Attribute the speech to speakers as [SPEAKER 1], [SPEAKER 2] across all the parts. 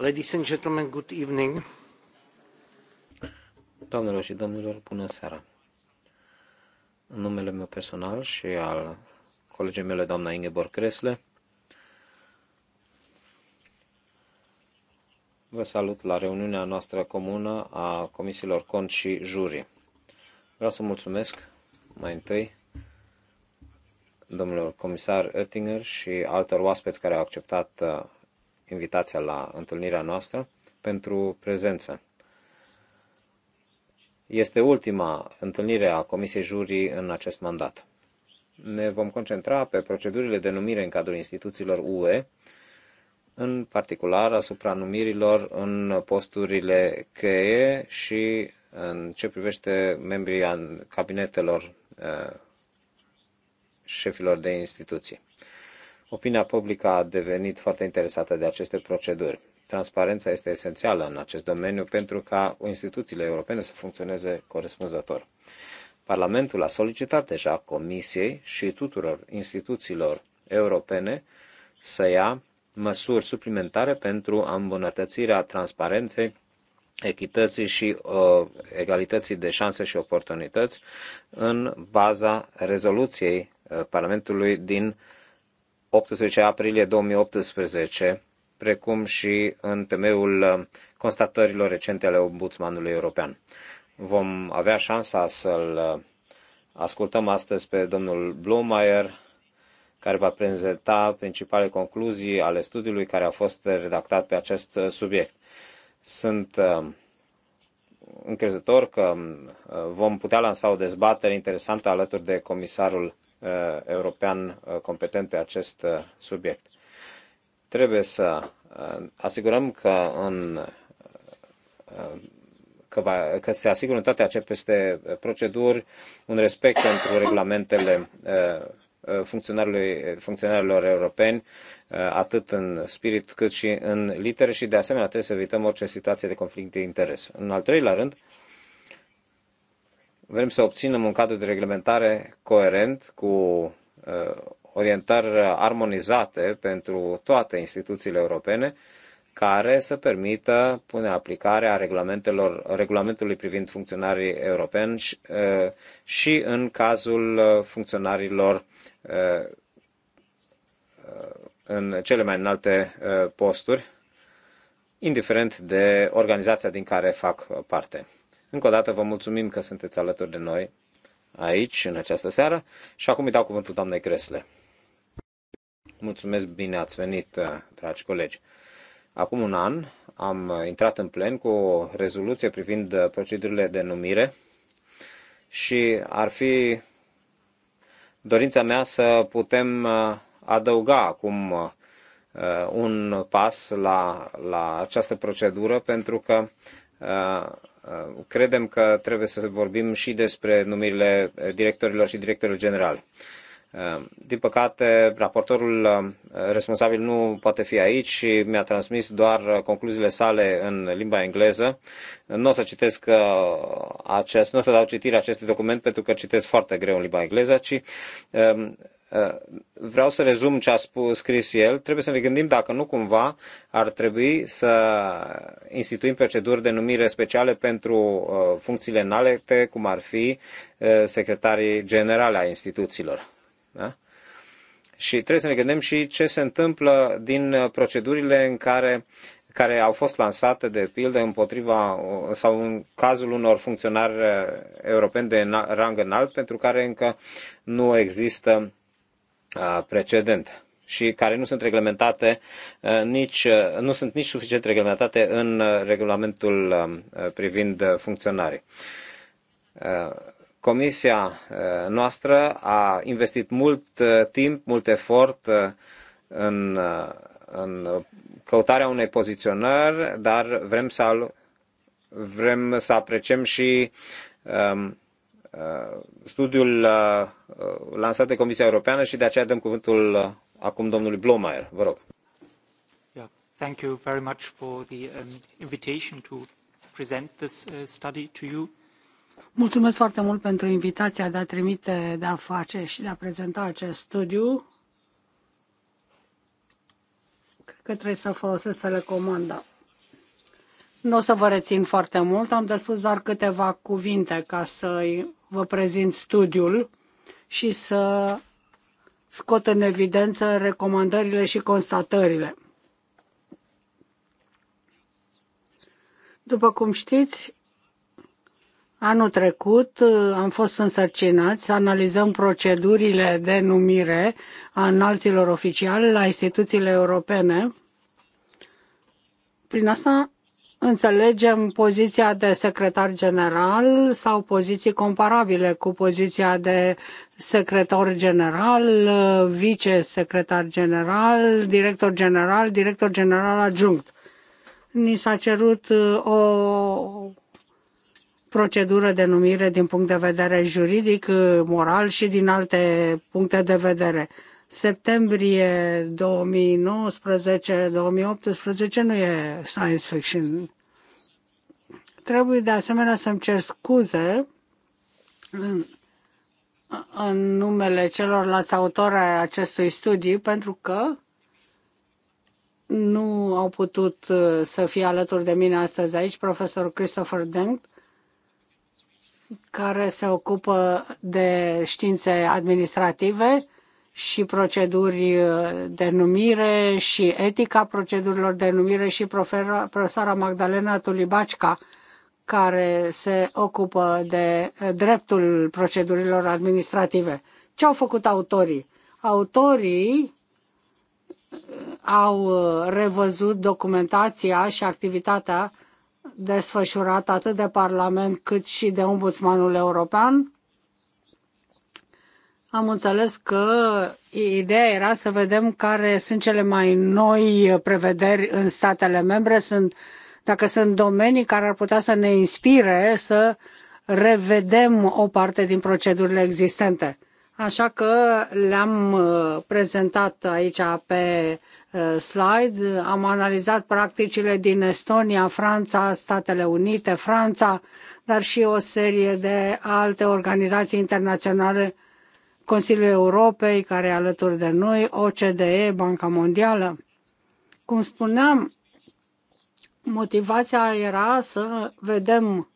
[SPEAKER 1] Ladies and gentlemen, good evening. Doamnelor și domnilor, bună seara. În numele meu personal și al colegii mele, doamna Ingeborg Cresle, vă salut la reuniunea noastră comună a comisiilor cont și juri. Vreau să mulțumesc mai întâi domnilor comisar Oettinger și altor oaspeți care au acceptat uh, invitația la întâlnirea noastră, pentru prezență. Este ultima întâlnire a Comisiei Jurii în acest mandat. Ne vom concentra pe procedurile de numire în cadrul instituțiilor UE, în particular asupra numirilor în posturile cheie și în ce privește membrii cabinetelor eh, șefilor de instituții. Opinia publică a devenit foarte interesată de aceste proceduri. Transparența este esențială în acest domeniu pentru ca instituțiile europene să funcționeze corespunzător. Parlamentul a solicitat deja Comisiei și tuturor instituțiilor europene să ia măsuri suplimentare pentru îmbunătățirea transparenței, echității și uh, egalității de șanse și oportunități în baza rezoluției uh, Parlamentului din uh, 18 aprilie 2018, precum și în temeiul uh, constatărilor recente ale Ombudsmanului European. Vom avea șansa să-l uh, ascultăm astăzi pe domnul Blomeyer, care va prezenta principale concluzii ale studiului care a fost redactat pe acest uh, subiect. Sunt încrezător că vom putea lansa o dezbatere interesantă alături de comisarul Uh, european uh, competent pe acest uh, subiect. Trebuie să asigurăm că în că, va, că se asigură în toate aceste proceduri un respect pentru regulamentele funcționarilor europeni, atât în spirit cât și în litere și de asemenea trebuie să evităm orice situație de conflict de interes. În al treilea rând, Vrem să obținem un cadru de reglementare coerent cu uh, orientări armonizate pentru toate instituțiile europene care să permită punerea aplicare a regulamentelor, regulamentului privind funcționarii europeni și, uh, și în cazul uh, funcționarilor în cele mai înalte posturi, indiferent de organizația din care fac parte. Încă o dată vă mulțumim că sunteți alături de noi aici, în această seară. Și acum îi dau cuvântul doamnei Cresle. Mulțumesc, bine ați venit, uh, dragi colegi. Acum un an am intrat în plen cu o rezoluție privind uh, procedurile de numire și ar fi dorința mea să putem uh, adăuga acum un pas la, la această procedură pentru că Uh, credem că trebuie să vorbim și despre numirile uh, directorilor și directorilor generali. Uh, din păcate, raportorul responsabil nu poate fi aici și mi-a transmis doar concluziile sale în limba engleză. Nu o să citesc acest, nu o să dau citire acestui document pentru că citesc foarte greu în limba engleză, ci Uh, vreau să rezum ce a spus scris el, trebuie să ne gândim dacă nu cumva ar trebui să instituim proceduri de numire speciale pentru uh, funcțiile înalte, cum ar fi uh, secretarii generale a instituțiilor. Da? Și trebuie să ne gândim și ce se întâmplă din procedurile în care care au fost lansate de pildă împotriva sau în cazul unor funcționari europeni de rang înalt pentru care încă nu există precedent și care nu sunt reglementate nici, nu sunt nici suficient reglementate în regulamentul privind funcționarii. Comisia noastră a investit mult timp, mult efort în, în căutarea unei poziționări, dar vrem să, vrem să apreciem și um, Uh, studiul uh, uh, lansat de Comisia Europeană și de aceea dăm cuvântul acum domnului Blomayer. Vă rog. Yeah, thank you very much for the um, invitation to present this uh, study to you.
[SPEAKER 2] Mulțumesc foarte mult pentru invitația de a trimite, de a face și de a prezenta acest studiu. Cred că trebuie să folosesc telecomanda. Nu o să vă rețin foarte mult, am de spus doar câteva cuvinte ca să vă prezint studiul și să scot în evidență recomandările și constatările. După cum știți, anul trecut uh, am fost însărcinați să analizăm procedurile de numire a înalților oficiali la instituțiile europene. Prin asta înțelegem poziția de secretar general sau poziții comparabile cu poziția de secretar general, vicesecretar general, director general, director general adjunct. Ni s-a cerut uh, o procedură de numire din punct de vedere juridic, uh, moral și din alte puncte de vedere septembrie 2019-2018 nu e science fiction. Trebuie de asemenea să-mi cer scuze în, în numele celorlalți autori ai acestui studiu pentru că nu au putut uh, să fie alături de mine astăzi aici profesorul Christopher Dent, care se ocupă de științe administrative și proceduri de numire și etica procedurilor de numire și profesoara Magdalena Tulibacca, care se ocupă de dreptul procedurilor administrative. Ce au făcut autorii? Autorii au revăzut documentația și activitatea desfășurată atât de Parlament cât și de Ombudsmanul European am înțeles că ideea era să vedem care sunt cele mai noi prevederi în statele membre, sunt, dacă sunt domenii care ar putea să ne inspire să revedem o parte din procedurile existente. Așa că le-am uh, prezentat aici pe uh, slide. Am analizat practicile din Estonia, Franța, Statele Unite, Franța, dar și o serie de alte organizații internaționale Consiliul Europei, care e alături de noi, OCDE, Banca Mondială. Cum spuneam, motivația era să vedem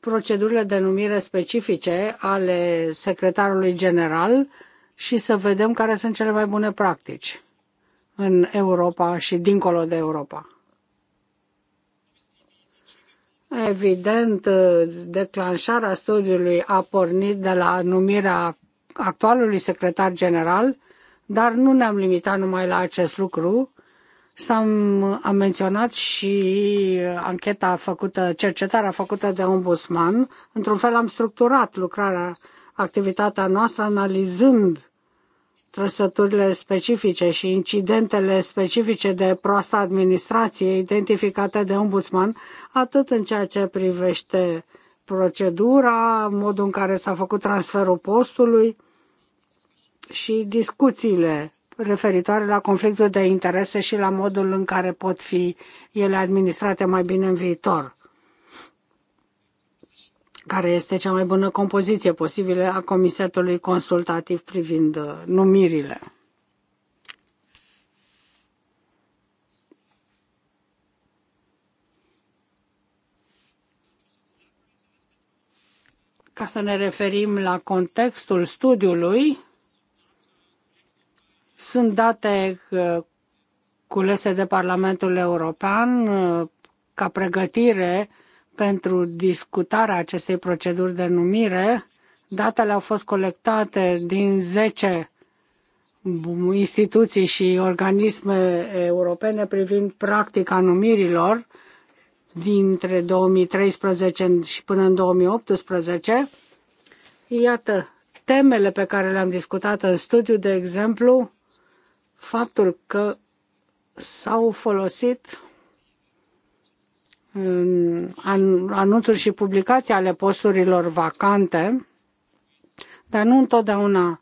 [SPEAKER 2] procedurile de numire specifice ale secretarului general și să vedem care sunt cele mai bune practici în Europa și dincolo de Europa. Evident, declanșarea studiului a pornit de la numirea actualului secretar general, dar nu ne-am limitat numai la acest lucru. S-am am menționat și ancheta făcută, cercetarea făcută de ombudsman. Într-un fel am structurat lucrarea, activitatea noastră analizând trăsăturile specifice și incidentele specifice de proastă administrație identificate de ombudsman, atât în ceea ce privește procedura, modul în care s-a făcut transferul postului, și discuțiile referitoare la conflictul de interese și la modul în care pot fi ele administrate mai bine în viitor. Care este cea mai bună compoziție posibilă a comisetului consultativ privind uh, numirile? Ca să ne referim la contextul studiului, sunt date uh, culese de Parlamentul European uh, ca pregătire pentru discutarea acestei proceduri de numire. Datele au fost colectate din 10 mm, instituții și organisme europene privind practica numirilor dintre 2013 și până în 2018. Iată, temele pe care le-am discutat în studiu, de exemplu, faptul că s-au folosit um, anunțuri și publicații ale posturilor vacante, dar nu întotdeauna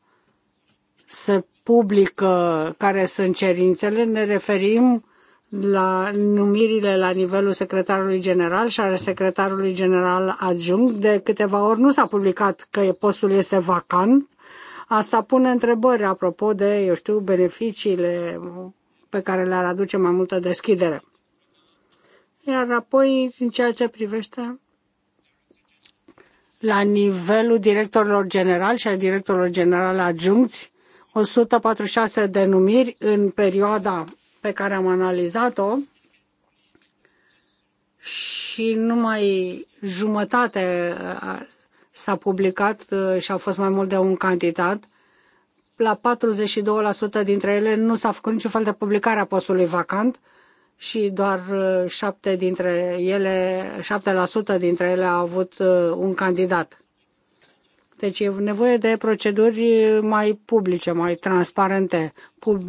[SPEAKER 2] se publică care sunt cerințele. Ne referim la numirile la nivelul secretarului general și al secretarului general adjunct. De câteva ori nu s-a publicat că postul este vacant Asta pune întrebări apropo de, eu știu, beneficiile pe care le-ar aduce mai multă deschidere. Iar apoi, în ceea ce privește la nivelul directorilor generali și a directorilor generali adjuncți, 146 de numiri în perioada pe care am analizat-o și numai jumătate s-a publicat uh, și au fost mai mult de un candidat. La 42% dintre ele nu s-a făcut niciun fel de publicare a postului vacant și doar 7 uh, dintre ele, 7% dintre ele au avut uh, un candidat. Deci e nevoie de proceduri mai publice, mai transparente,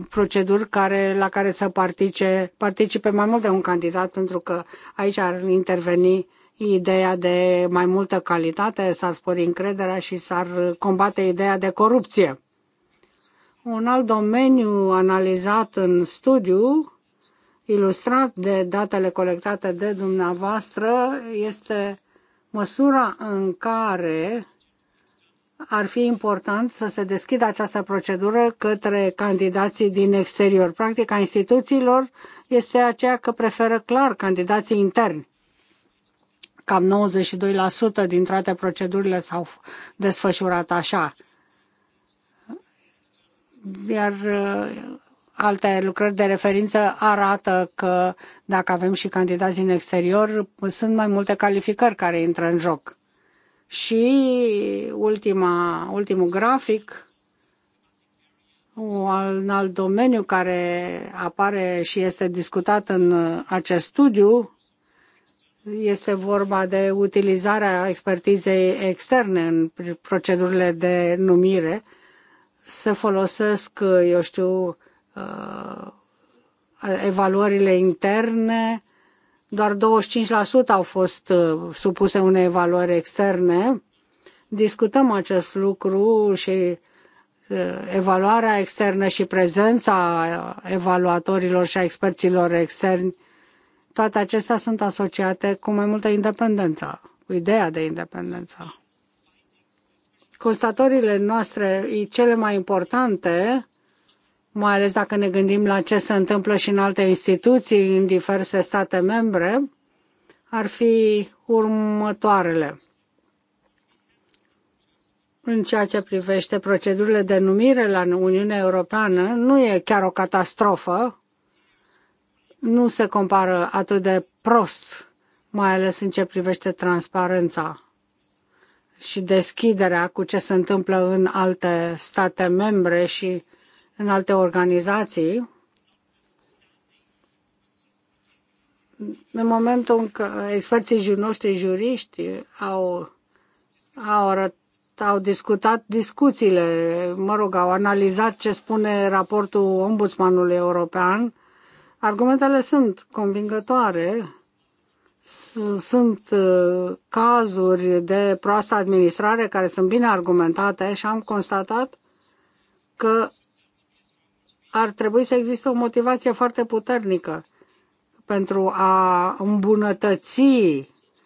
[SPEAKER 2] proceduri care, la care să participe, participe mai mult de un candidat, pentru că aici ar interveni ideea de mai multă calitate, s-ar spori încrederea și s-ar combate ideea de corupție. Un alt domeniu analizat în studiu, ilustrat de datele colectate de dumneavoastră, este măsura în care ar fi important să se deschidă această procedură către candidații din exterior. Practica instituțiilor este aceea că preferă clar candidații interni cam 92% din toate procedurile s-au desfășurat așa. Iar uh, alte lucrări de referință arată că dacă avem și candidați din exterior, sunt mai multe calificări care intră în joc. Și ultima, ultimul grafic, un alt domeniu care apare și este discutat în uh, acest studiu, este vorba de utilizarea expertizei externe în procedurile de numire, să folosesc, eu știu, uh, evaluările interne, doar 25% au fost uh, supuse unei evaluări externe. Discutăm acest lucru și uh, evaluarea externă și prezența evaluatorilor și a experților externi toate acestea sunt asociate cu mai multă independență, cu ideea de independență. Constatările noastre cele mai importante, mai ales dacă ne gândim la ce se întâmplă și în alte instituții, în diverse state membre, ar fi următoarele. În ceea ce privește procedurile de numire la Uniunea Europeană, nu e chiar o catastrofă, nu se compară atât de prost, mai ales în ce privește transparența și deschiderea cu ce se întâmplă în alte state membre și în alte organizații. În momentul în care experții noștri juriști au, au, arăt, au discutat discuțiile, mă rog, au analizat ce spune raportul Ombudsmanului European, Argumentele sunt convingătoare, sunt uh, cazuri de proastă administrare care sunt bine argumentate și am constatat că ar trebui să existe o motivație foarte puternică pentru a îmbunătăți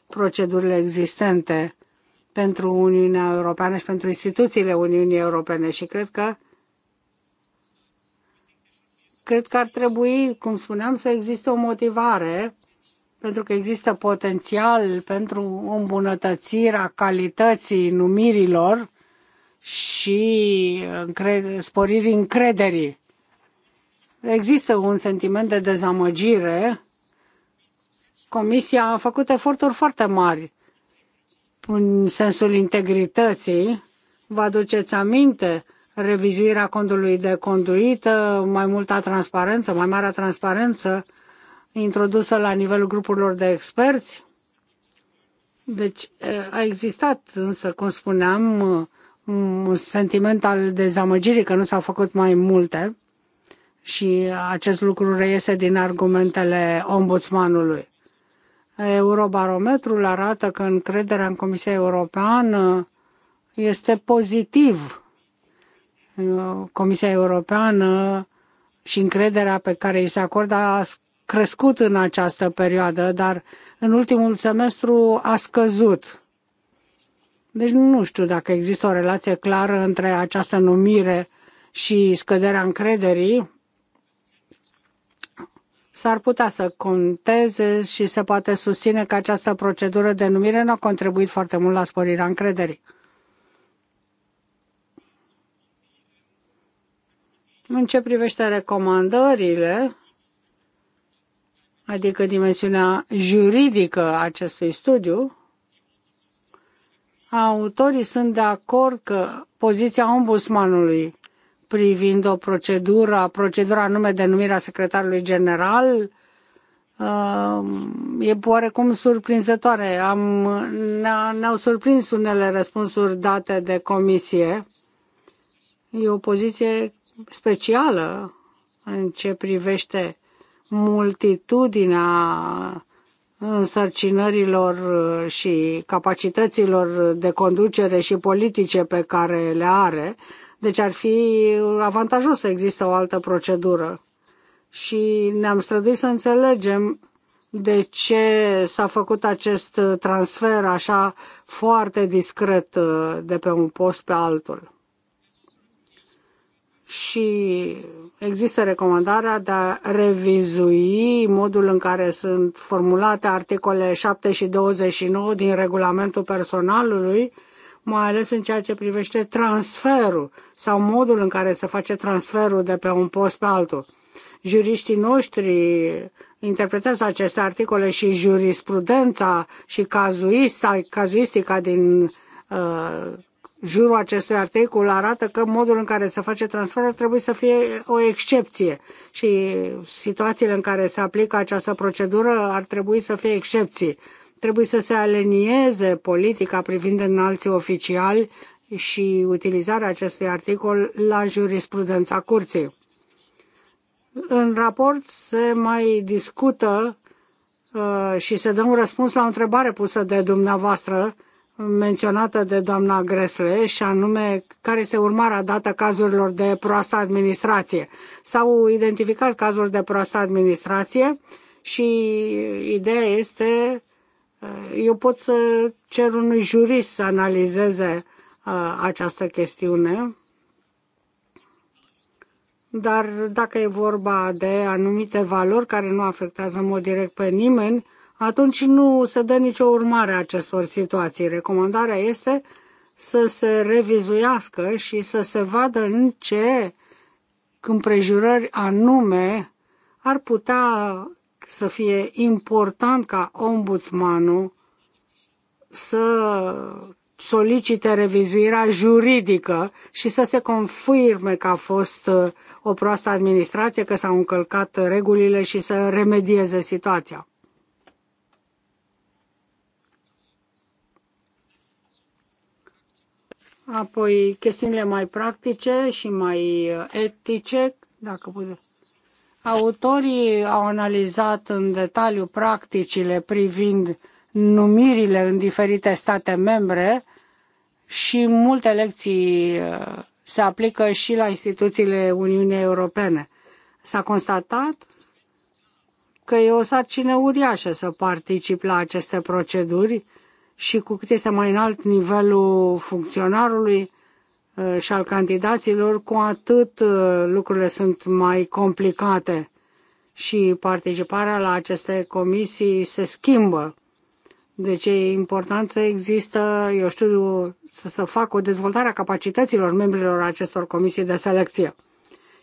[SPEAKER 2] procedurile existente pentru Uniunea Europeană și pentru instituțiile Uniunii Europene și cred că Cred că ar trebui, cum spuneam, să existe o motivare, pentru că există potențial pentru o a calității numirilor și sporirii încrederii. Există un sentiment de dezamăgire. Comisia a făcut eforturi foarte mari în sensul integrității. Vă aduceți aminte revizuirea condului de conduită, mai multă transparență, mai mare transparență introdusă la nivelul grupurilor de experți. Deci a existat însă, cum spuneam, un sentiment al dezamăgirii că nu s-au făcut mai multe și acest lucru reiese din argumentele ombudsmanului. Eurobarometrul arată că încrederea în Comisia Europeană este pozitiv Uh, Comisia Europeană și încrederea pe care îi se acordă a crescut în această perioadă, dar în ultimul semestru a scăzut. Deci nu știu dacă există o relație clară între această numire și scăderea încrederii. S-ar putea să conteze și se poate susține că această procedură de numire nu a contribuit foarte mult la sporirea încrederii. În ce privește recomandările, adică dimensiunea juridică a acestui studiu, autorii sunt de acord că poziția ombudsmanului privind o procedură, procedura anume denumirea secretarului general, uh, e oarecum surprinzătoare. Am, ne-au surprins unele răspunsuri date de comisie. E o poziție specială în ce privește multitudinea însărcinărilor uh, și capacităților de conducere și politice pe care le are. Deci ar fi avantajos să există o altă procedură. Și ne-am străduit să înțelegem de ce s-a făcut acest transfer așa foarte discret uh, de pe un post pe altul și există recomandarea de a revizui modul în care sunt formulate articolele 7 și 29 din regulamentul personalului, mai ales în ceea ce privește transferul sau modul în care se face transferul de pe un post pe altul. Juriștii noștri interpretează aceste articole și jurisprudența și cazuistica din uh, jurul acestui articol arată că modul în care se face transferul trebuie să fie o excepție și situațiile în care se aplică această procedură ar trebui să fie excepții. Trebuie să se alinieze politica privind înalții oficiali și utilizarea acestui articol la jurisprudența curții. În raport se mai discută uh, și se dă un răspuns la o întrebare pusă de dumneavoastră menționată de doamna Gresle și anume care este urmarea dată cazurilor de proastă administrație. S-au identificat cazuri de proastă administrație și ideea este uh, eu pot să cer unui jurist să analizeze uh, această chestiune dar dacă e vorba de anumite valori care nu afectează în mod direct pe nimeni, atunci nu se dă nicio urmare a acestor situații. Recomandarea este să se revizuiască și să se vadă în ce împrejurări anume ar putea să fie important ca ombudsmanul să solicite revizuirea juridică și să se confirme că a fost uh, o proastă administrație, că s-au încălcat regulile și să remedieze situația. apoi chestiunile mai practice și mai uh, etice, dacă puteți. Autorii au analizat în detaliu practicile privind numirile în diferite state membre și multe lecții uh, se aplică și la instituțiile Uniunii Europene. S-a constatat că e o sarcină uriașă să particip la aceste proceduri și cu cât este mai înalt nivelul funcționarului uh, și al candidaților, cu atât uh, lucrurile sunt mai complicate și participarea la aceste comisii se schimbă. Deci e important să există, eu știu, să se facă o dezvoltare a capacităților membrilor acestor comisii de selecție.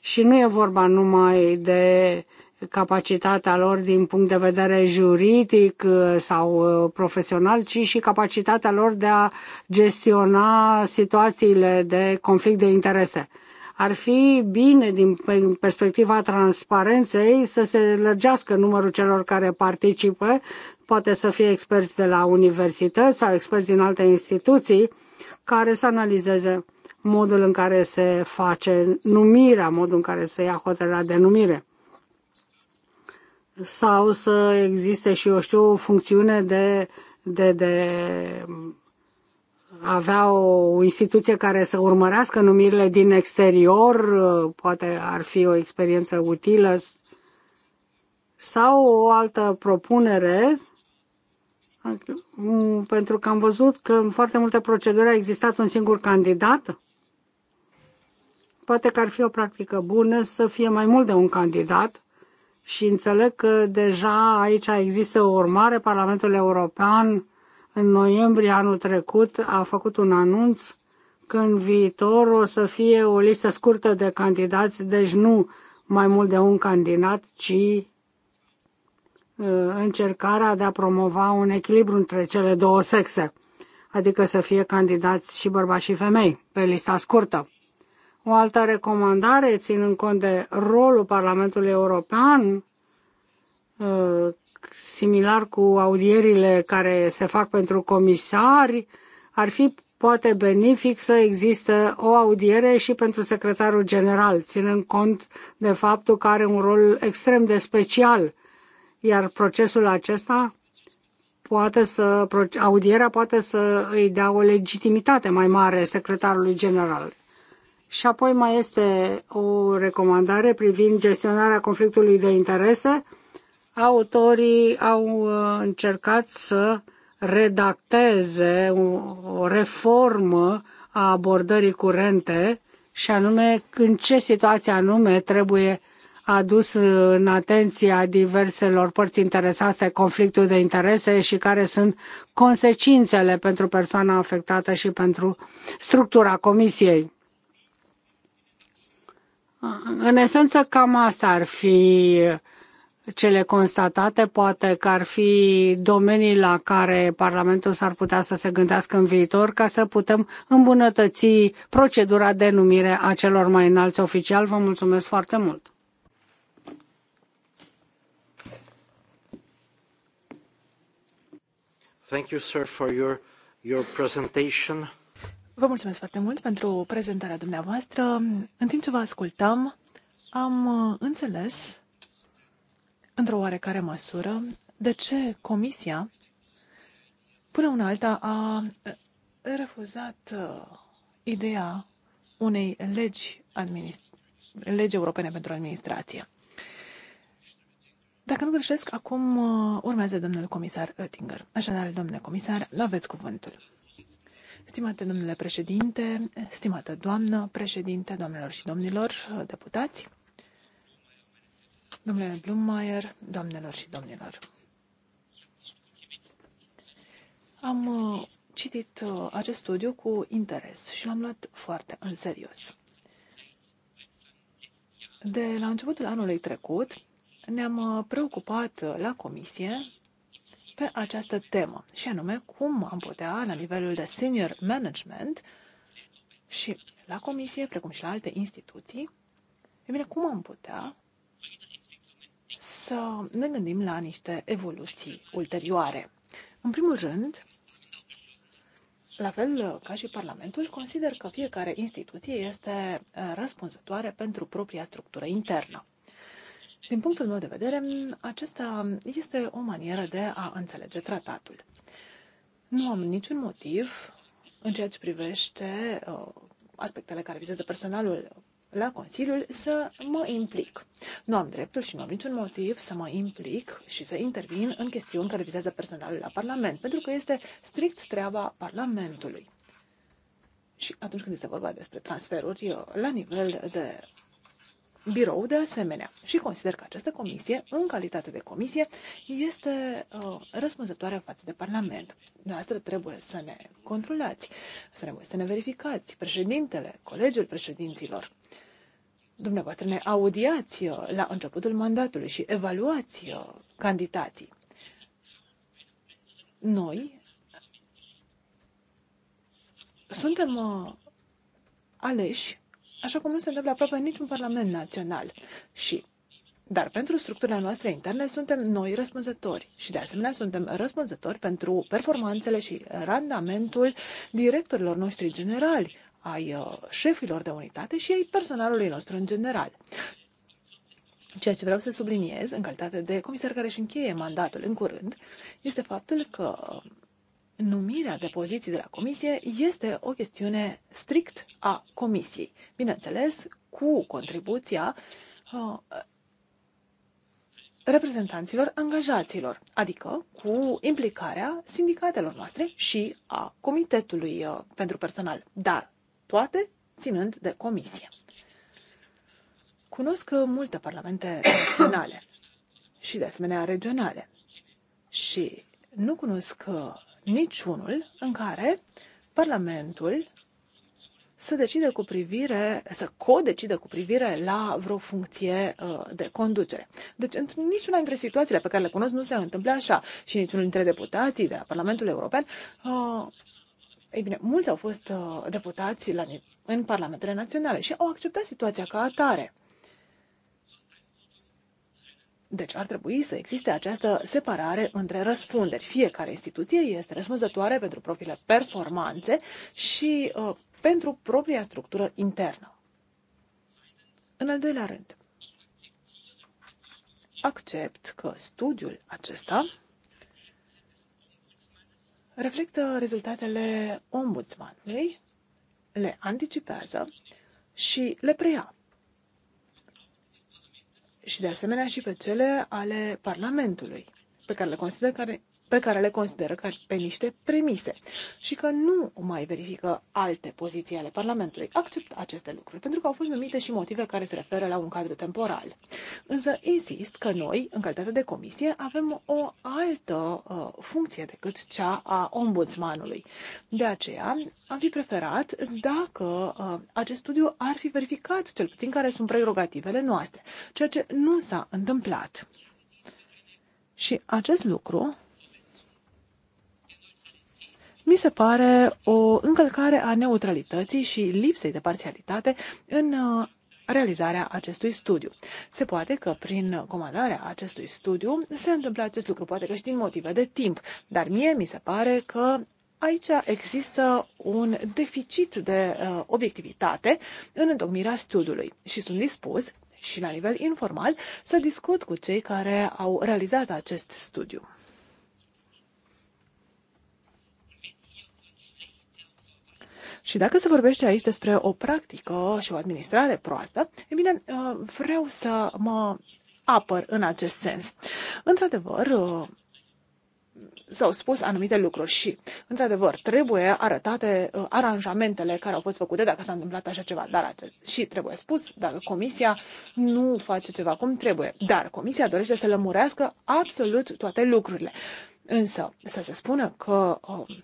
[SPEAKER 2] Și nu e vorba numai de capacitatea lor din punct de vedere juridic uh, sau uh, profesional, ci și capacitatea lor de a gestiona situațiile de conflict de interese. Ar fi bine, din perspectiva transparenței, să se lărgească numărul celor care participă, poate să fie experți de la universități sau experți din alte instituții, care să analizeze modul în care se face numirea, modul în care se ia hotărârea de numire sau să existe și, eu știu, o funcțiune de, de, de avea o instituție care să urmărească numirile din exterior, poate ar fi o experiență utilă, sau o altă propunere, pentru că am văzut că în foarte multe proceduri a existat un singur candidat. Poate că ar fi o practică bună să fie mai mult de un candidat și înțeleg că deja aici există o urmare. Parlamentul European în noiembrie anul trecut a făcut un anunț că în viitor o să fie o listă scurtă de candidați, deci nu mai mult de un candidat, ci uh, încercarea de a promova un echilibru între cele două sexe, adică să fie candidați și bărbați și femei pe lista scurtă. O altă recomandare, ținând cont de rolul Parlamentului European, uh, similar cu audierile care se fac pentru comisari, ar fi poate benefic să există o audiere și pentru secretarul general, ținând cont de faptul că are un rol extrem de special, iar procesul acesta poate să, audierea poate să îi dea o legitimitate mai mare secretarului general. Și apoi mai este o recomandare privind gestionarea conflictului de interese. Autorii au uh, încercat să redacteze o reformă a abordării curente și anume în ce situație anume trebuie adus în atenția diverselor părți interesate conflictul de interese și care sunt consecințele pentru persoana afectată și pentru structura comisiei. În esență, cam asta ar fi cele constatate, poate că ar fi domenii la care Parlamentul s-ar putea să se gândească în viitor ca să putem îmbunătăți procedura de numire a celor mai înalți oficiali. Vă mulțumesc foarte mult! Thank you, sir, for your, your presentation.
[SPEAKER 3] Vă mulțumesc foarte mult pentru prezentarea dumneavoastră. În timp ce vă ascultam, am uh, înțeles, într-o oarecare măsură, de ce Comisia, până una alta, a uh, refuzat uh, ideea unei legi, legi europene pentru administrație. Dacă nu greșesc, acum urmează domnul comisar Oettinger. Așadar, domnule comisar, aveți cuvântul. Stimate domnule președinte, stimată doamnă președinte, doamnelor și domnilor uh, deputați, domnule Blummeier, doamnelor și domnilor. Am uh, citit uh, acest studiu cu interes și l-am luat foarte în serios. De la începutul anului trecut ne-am preocupat la comisie pe această temă, și anume cum am putea, la nivelul de senior management și la comisie, precum și la alte instituții, e bine, cum am putea să ne gândim la niște evoluții ulterioare. În primul rând, la fel ca și Parlamentul, consider că fiecare instituție este uh, răspunzătoare pentru propria structură internă. Din punctul meu de vedere, acesta este o manieră de a înțelege tratatul. Nu am niciun motiv în ceea ce privește uh, aspectele care vizează personalul la Consiliul să mă implic. Nu am dreptul și nu am niciun motiv să mă implic și să intervin în chestiuni care vizează personalul la Parlament, pentru că este strict treaba Parlamentului. Și atunci când este vorba despre transferuri uh, la nivel de birou de asemenea. Și consider că această comisie, în calitate de comisie, este uh, răspunzătoare față de Parlament. Noastră trebuie să ne controlați, să ne, să ne verificați, președintele, colegiul președinților. Dumneavoastră ne audiați uh, la începutul mandatului și evaluați uh, candidații. Noi suntem uh, aleși așa cum nu se întâmplă aproape niciun parlament național. Și dar pentru structurile noastre interne suntem noi răspunzători și de asemenea suntem răspunzători pentru performanțele și randamentul directorilor noștri generali, ai uh, șefilor de unitate și ai personalului nostru în general. Ceea ce vreau să subliniez în calitate de comisar care își încheie mandatul în curând este faptul că numirea de poziții de la comisie este o chestiune strict a comisiei. Bineînțeles, cu contribuția uh, reprezentanților angajaților, adică cu implicarea sindicatelor noastre și a Comitetului uh, pentru Personal, dar toate ținând de comisie. Cunosc multe parlamente naționale și de asemenea regionale și nu cunosc uh, niciunul în care Parlamentul să decide cu privire, să codecide cu privire la vreo funcție uh, de conducere. Deci, în niciuna dintre situațiile pe care le cunosc nu se întâmplă așa și niciunul dintre deputații de la Parlamentul European uh, ei bine, mulți au fost uh, deputați la, în parlamentele naționale și au acceptat situația ca atare. Deci ar trebui să existe această separare între răspunderi. Fiecare instituție este răspunzătoare pentru propriile performanțe și uh, pentru propria structură internă. În al doilea rând, accept că studiul acesta reflectă rezultatele ombudsmanului, le anticipează și le preia și de asemenea și pe cele ale Parlamentului, pe care le consider care pe care le consideră ca pe niște premise și că nu mai verifică alte poziții ale Parlamentului. Accept aceste lucruri, pentru că au fost numite și motive care se referă la un cadru temporal. Însă insist că noi, în calitate de comisie, avem o altă uh, funcție decât cea a ombudsmanului. De aceea am fi preferat dacă uh, acest studiu ar fi verificat cel puțin care sunt prerogativele noastre, ceea ce nu s-a întâmplat. Și acest lucru mi se pare o încălcare a neutralității și lipsei de parțialitate în uh, realizarea acestui studiu. Se poate că prin comandarea acestui studiu se întâmplă acest lucru, poate că și din motive de timp, dar mie mi se pare că aici există un deficit de uh, obiectivitate în întocmirea studiului și sunt dispus și la nivel informal să discut cu cei care au realizat acest studiu. Și dacă se vorbește aici despre o practică și o administrare proastă, e bine, uh, vreau să mă apăr în acest sens. Într-adevăr, uh, s-au spus anumite lucruri și, într-adevăr, trebuie arătate uh, aranjamentele care au fost făcute dacă s-a întâmplat așa ceva. Dar și trebuie spus dacă comisia nu face ceva cum trebuie. Dar comisia dorește să lămurească absolut toate lucrurile. Însă, să se spună că uh,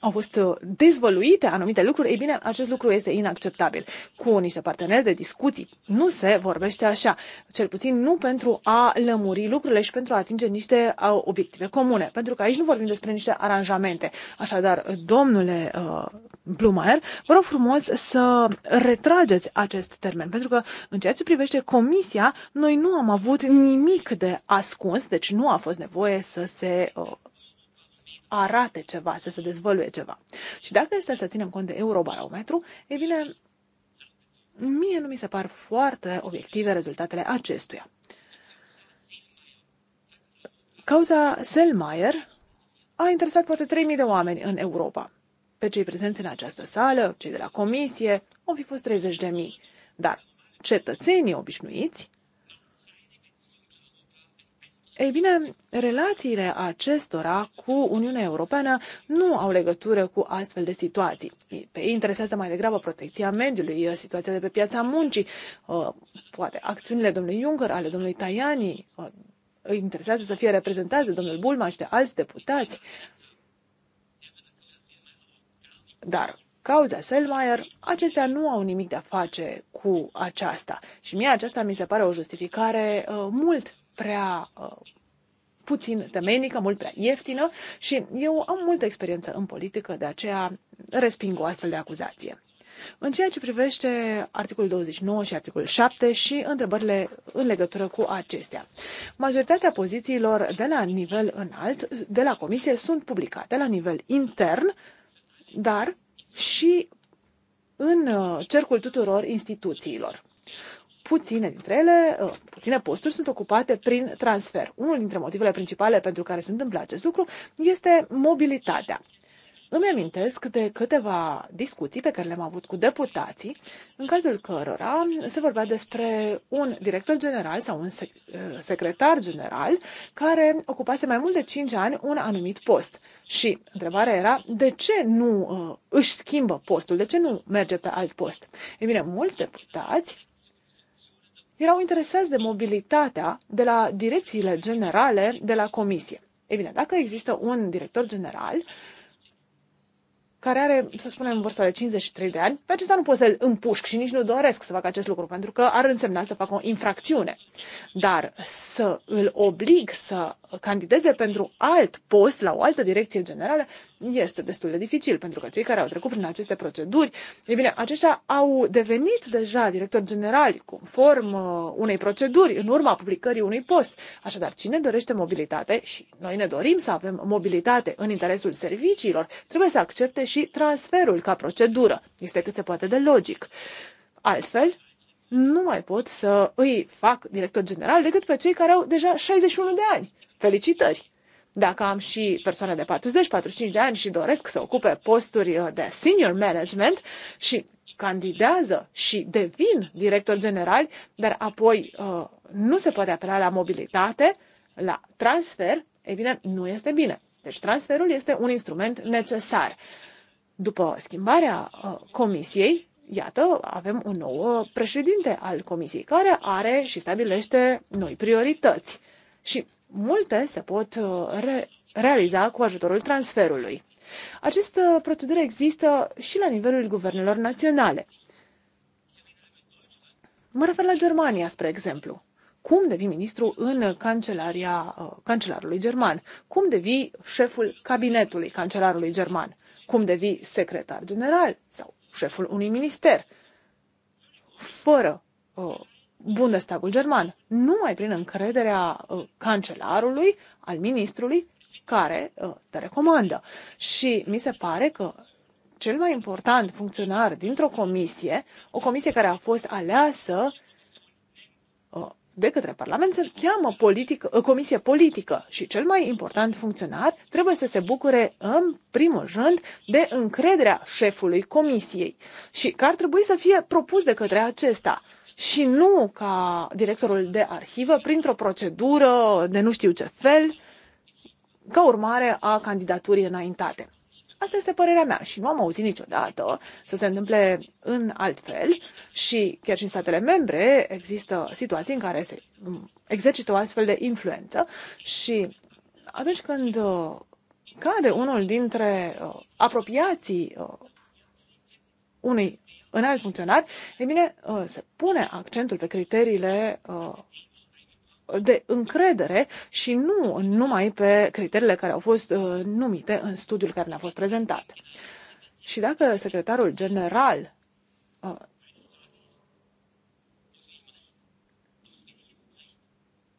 [SPEAKER 3] au fost uh, dezvăluite anumite lucruri, ei bine, acest lucru este inacceptabil. Cu niște parteneri de discuții nu se vorbește așa, cel puțin nu pentru a lămuri lucrurile și pentru a atinge niște uh, obiective comune, pentru că aici nu vorbim despre niște aranjamente. Așadar, domnule uh, Blumaer, vă rog frumos să retrageți acest termen, pentru că în ceea ce privește comisia, noi nu am avut nimic de ascuns, deci nu a fost nevoie să se uh, arate ceva, să se dezvăluie ceva. Și dacă este să ținem cont de Eurobarometru, e bine, mie nu mi se par foarte obiective rezultatele acestuia. Cauza Selmayr a interesat poate 3.000 de oameni în Europa. Pe cei prezenți în această sală, cei de la comisie, au fi fost 30.000. Dar cetățenii obișnuiți ei bine, relațiile acestora cu Uniunea Europeană nu au legătură cu astfel de situații. Pe ei interesează mai degrabă protecția mediului, situația de pe piața muncii, uh, poate acțiunile domnului Juncker, ale domnului Tajani, uh, îi interesează să fie reprezentați de domnul Bulma și de alți deputați. Dar cauza Selmayr, acestea nu au nimic de a face cu aceasta. Și mie aceasta mi se pare o justificare uh, mult prea uh, puțin temenică, mult prea ieftină și eu am multă experiență în politică, de aceea resping o astfel de acuzație. În ceea ce privește articolul 29 și articolul 7 și întrebările în legătură cu acestea. Majoritatea pozițiilor de la nivel înalt, de la comisie, sunt publicate la nivel intern, dar și în uh, cercul tuturor instituțiilor puține dintre ele, uh, puține posturi sunt ocupate prin transfer. Unul dintre motivele principale pentru care se întâmplă acest lucru este mobilitatea. Îmi amintesc de câteva discuții pe care le-am avut cu deputații, în cazul cărora se vorbea despre un director general sau un uh, secretar general care ocupase mai mult de 5 ani un anumit post. Și întrebarea era de ce nu uh, își schimbă postul, de ce nu merge pe alt post. Ei bine, mulți deputați erau interesați de mobilitatea de la direcțiile generale de la comisie. Ei bine, dacă există un director general care are, să spunem, vârsta de 53 de ani, pe acesta nu pot să-l împușc și nici nu doresc să fac acest lucru, pentru că ar însemna să fac o infracțiune. Dar să îl oblig să candideze pentru alt post la o altă direcție generală este destul de dificil, pentru că cei care au trecut prin aceste proceduri, e bine, aceștia au devenit deja directori generali conform uh, unei proceduri în urma publicării unui post. Așadar, cine dorește mobilitate și noi ne dorim să avem mobilitate în interesul serviciilor, trebuie să accepte și transferul ca procedură. Este cât se poate de logic. Altfel, nu mai pot să îi fac director general decât pe cei care au deja 61 de ani. Felicitări! Dacă am și persoane de 40-45 de ani și doresc să ocupe posturi uh, de senior management și candidează și devin director general, dar apoi uh, nu se poate apela la mobilitate, la transfer, e bine, nu este bine. Deci transferul este un instrument necesar. După schimbarea uh, comisiei, iată, avem un nou uh, președinte al comisiei care are și stabilește noi priorități și multe se pot uh, re- realiza cu ajutorul transferului. Această uh, procedură există și la nivelul guvernelor naționale. Mă refer la Germania, spre exemplu. Cum devii ministru în cancelaria uh, cancelarului german? Cum devii șeful cabinetului cancelarului german? Cum devii secretar general sau șeful unui minister? Fără uh, Bundestagul german, numai prin încrederea uh, cancelarului, al ministrului, care uh, te recomandă. Și mi se pare că cel mai important funcționar dintr-o comisie, o comisie care a fost aleasă uh, de către Parlament se cheamă politică, comisie politică și cel mai important funcționar trebuie să se bucure în primul rând de încrederea șefului comisiei și că ar trebui să fie propus de către acesta și nu ca directorul de arhivă printr-o procedură de nu știu ce fel ca urmare a candidaturii înaintate. Asta este părerea mea și nu am auzit niciodată să se întâmple în alt fel și chiar și în statele membre există situații în care se exercită o astfel de influență și atunci când uh, cade unul dintre uh, apropiații uh, unui alt funcționar, e bine, uh, se pune accentul pe criteriile uh, de încredere și nu numai pe criteriile care au fost uh, numite în studiul care ne-a fost prezentat. Și dacă secretarul general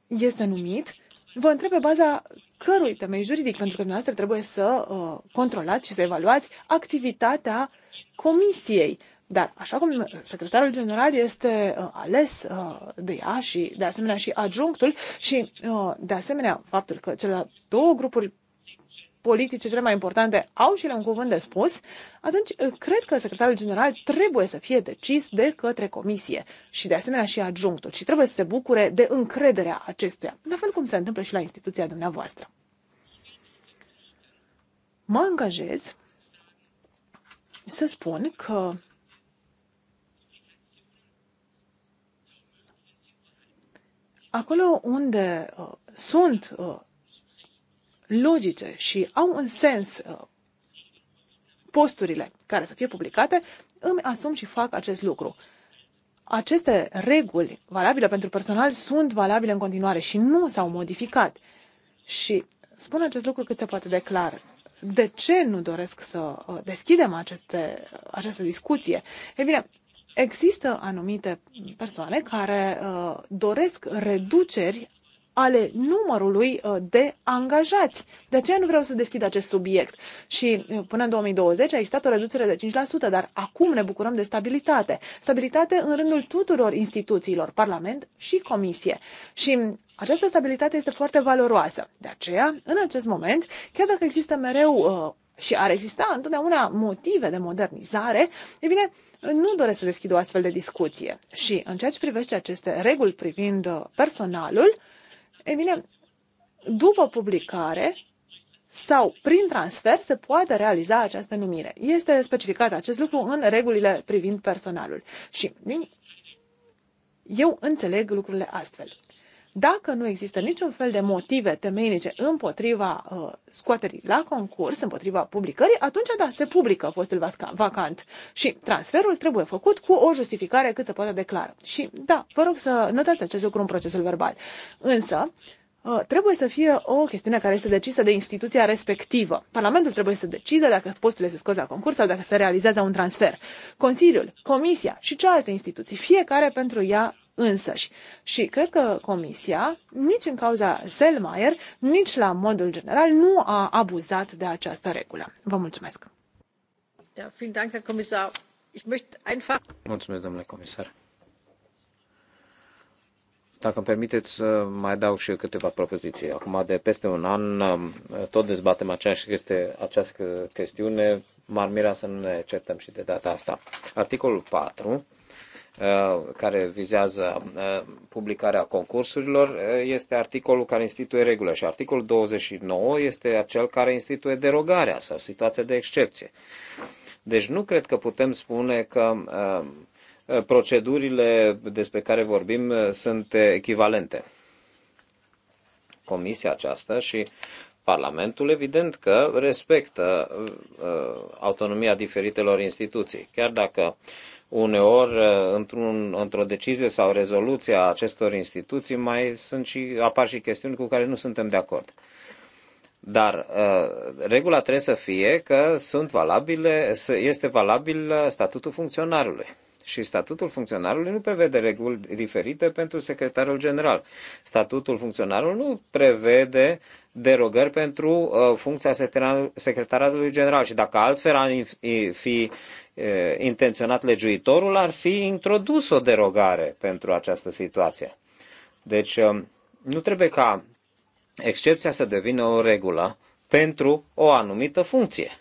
[SPEAKER 3] este numit, vă întreb pe baza cărui temei juridic, pentru că dumneavoastră trebuie să controlați și să evaluați activitatea comisiei. Dar așa cum secretarul general este uh, ales uh, de ea și de asemenea și adjunctul și uh, de asemenea faptul că cele două grupuri politice cele mai importante au și le un cuvânt de spus, atunci uh, cred că secretarul general trebuie să fie decis de către comisie și de asemenea și adjunctul și trebuie să se bucure de încrederea acestuia, la fel cum se întâmplă și la instituția dumneavoastră. Mă angajez să spun că acolo unde uh, sunt uh, logice și au un sens uh, posturile care să fie publicate, îmi asum și fac acest lucru. Aceste reguli valabile pentru personal sunt valabile în continuare și nu s-au modificat. Și spun acest lucru cât se poate de clar. De ce nu doresc să uh, deschidem aceste, uh, această discuție? Ei bine, există anumite persoane care uh, doresc reduceri ale numărului uh, de angajați. De aceea nu vreau să deschid acest subiect. Și uh, până în 2020 a existat o reducere de 5%, dar acum ne bucurăm de stabilitate. Stabilitate în rândul tuturor instituțiilor, Parlament și Comisie. Și mm, această stabilitate este foarte valoroasă. De aceea, în acest moment, chiar dacă există mereu uh, și ar exista întotdeauna motive de modernizare, e bine, nu doresc să deschid o astfel de discuție. Și în ceea ce privește aceste reguli privind uh, personalul, e bine, după publicare sau prin transfer se poate realiza această numire. Este specificat acest lucru în regulile privind personalul. Și eu înțeleg lucrurile astfel. Dacă nu există niciun fel de motive temeinice împotriva uh, scoaterii la concurs, împotriva publicării, atunci da, se publică postul vacant și transferul trebuie făcut cu o justificare cât se poate declară. Și da, vă rog să notați acest lucru în procesul verbal. Însă, uh, trebuie să fie o chestiune care este decisă de instituția respectivă. Parlamentul trebuie să decide dacă postul este scos la concurs sau dacă se realizează un transfer. Consiliul, Comisia și cealaltă instituții, fiecare pentru ea însăși. Și cred că Comisia, nici în cauza Selmayr, nici la modul general, nu a abuzat de această regulă. Vă mulțumesc!
[SPEAKER 2] Da, vielen Dank, Herr Kommissar. Ich möchte einfach...
[SPEAKER 1] Mulțumesc, domnule comisar. Dacă îmi permiteți, mai dau și eu câteva propoziții. Acum, de peste un an, um, tot dezbatem aceeași chestie, această chestiune. M-ar mira să nu ne certăm și de data asta. Articolul 4 Uh, care vizează uh, publicarea concursurilor uh, este articolul care instituie regulă și articolul 29 este acel care instituie derogarea sau situația de excepție. Deci nu cred că putem spune că procedurile despre care vorbim sunt echivalente. Comisia aceasta și Parlamentul, evident că respectă autonomia diferitelor instituții, chiar dacă uh, uneori uh, într-un, într-o decizie sau rezoluție a acestor instituții mai sunt și, apar și chestiuni cu care nu suntem de acord. Dar uh, regula trebuie să fie că sunt valabile, este valabil uh, statutul funcționarului și statutul funcționarului nu prevede reguli diferite pentru secretarul general. Statutul funcționarului nu prevede derogări pentru uh, funcția secretarului general și dacă altfel ar fi uh, intenționat legiuitorul, ar fi introdus o derogare pentru această situație. Deci uh, nu trebuie ca excepția să devină o regulă pentru o anumită funcție.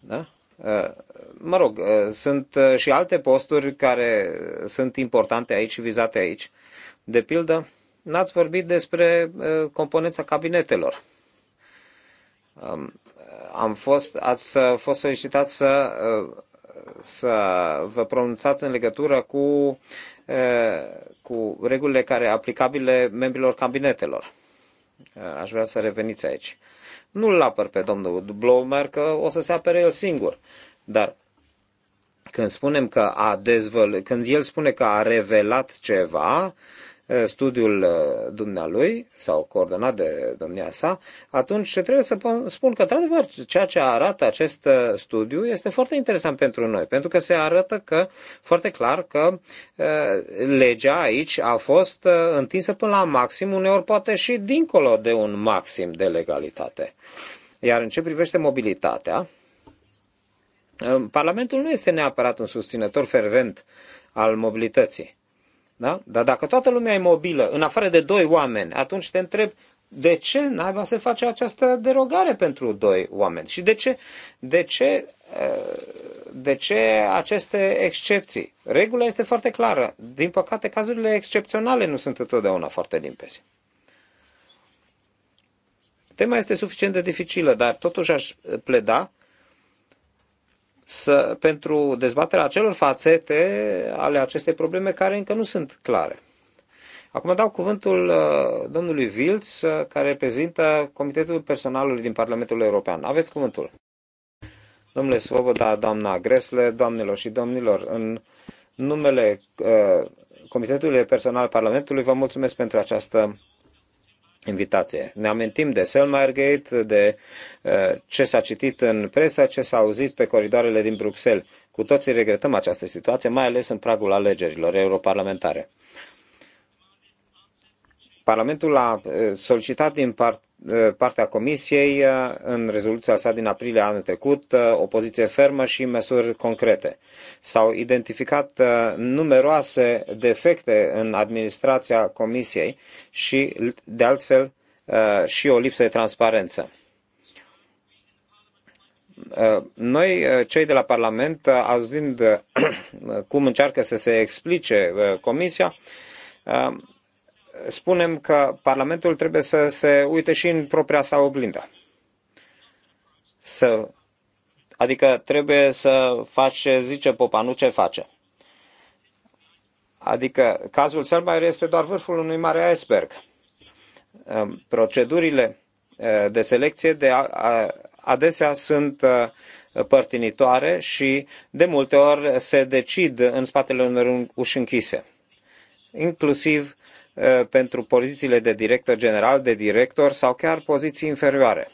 [SPEAKER 1] Da? Uh, mă rog, uh, sunt uh, și alte posturi care sunt importante aici și vizate aici. De pildă, n-ați vorbit despre uh, componența cabinetelor. Um, am fost, ați fost solicitat să, să vă pronunțați în legătură cu, cu regulile care aplicabile membrilor cabinetelor. Aș vrea să reveniți aici. Nu-l apăr pe domnul Blomer că o să se apere el singur dar când spunem că a dezvăl, când el spune că a revelat ceva, eh, studiul eh, dumnealui sau coordonat de domnia sa, atunci trebuie să spun că, într-adevăr, ceea ce arată acest eh, studiu este foarte interesant pentru noi, pentru că se arată că foarte clar că legea aici a fost întinsă până la maxim, uneori poate și dincolo de un maxim de legalitate. Iar în ce privește mobilitatea, Parlamentul nu este neapărat un susținător fervent al mobilității. Da? Dar dacă toată lumea e mobilă, în afară de doi oameni, atunci te întreb de ce naiba se face această derogare pentru doi oameni și de ce, de ce, eh, de ce aceste excepții. Regula este foarte clară. Din păcate, cazurile excepționale nu sunt întotdeauna foarte limpezi. Tema este suficient de dificilă, dar totuși aș pleda să, pentru dezbaterea acelor fațete ale acestei probleme care încă nu sunt clare. Acum dau cuvântul uh, domnului Vilț, uh, care reprezintă Comitetul Personalului din Parlamentul European. Aveți cuvântul. Domnule Svoboda, doamna Gresle, doamnelor și domnilor, în numele uh, Comitetului Personal Parlamentului vă mulțumesc pentru această invitație. Ne amintim de selmayr de uh, ce s-a citit în presă, ce s-a auzit pe coridoarele din Bruxelles. Cu toții regretăm această situație, mai ales în pragul alegerilor europarlamentare. Parlamentul a solicitat din part, partea Comisiei, în rezoluția sa din aprilie anul trecut, o poziție fermă și măsuri concrete. S-au identificat numeroase defecte în administrația Comisiei și, de altfel, și o lipsă de transparență. Noi, cei de la Parlament, auzind cum încearcă să se explice Comisia, spunem că Parlamentul trebuie să se uite și în propria sa oglindă. Să, adică trebuie să faci ce zice popa, nu ce face. Adică cazul Selmayr este doar vârful unui mare iceberg. Ehm, procedurile de selecție de adesea sunt părtinitoare și de multe ori se decid în spatele unor uși închise. Inclusiv Uh, pentru pozițiile de director general, de director sau chiar poziții inferioare.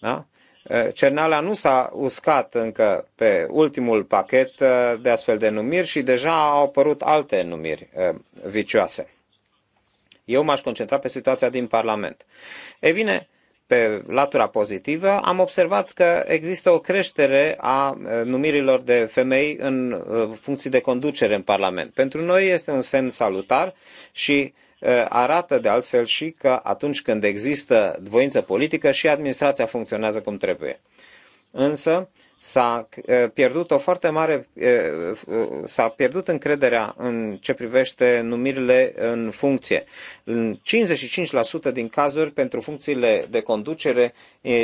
[SPEAKER 1] Da? Uh, Cernala nu s-a uscat încă pe ultimul pachet uh, de astfel de numiri și deja au apărut alte numiri vicioase. Eu m-aș concentra pe situația din Parlament. Ei bine, pe latura pozitivă, am observat că există o creștere a numirilor de femei în funcții de conducere în Parlament. Pentru noi este un semn salutar și arată de altfel și că atunci când există voință politică și administrația funcționează cum trebuie. Însă, s-a uh, pierdut o foarte mare, uh, s-a pierdut încrederea în ce privește numirile în funcție. În 55% din cazuri, pentru funcțiile de conducere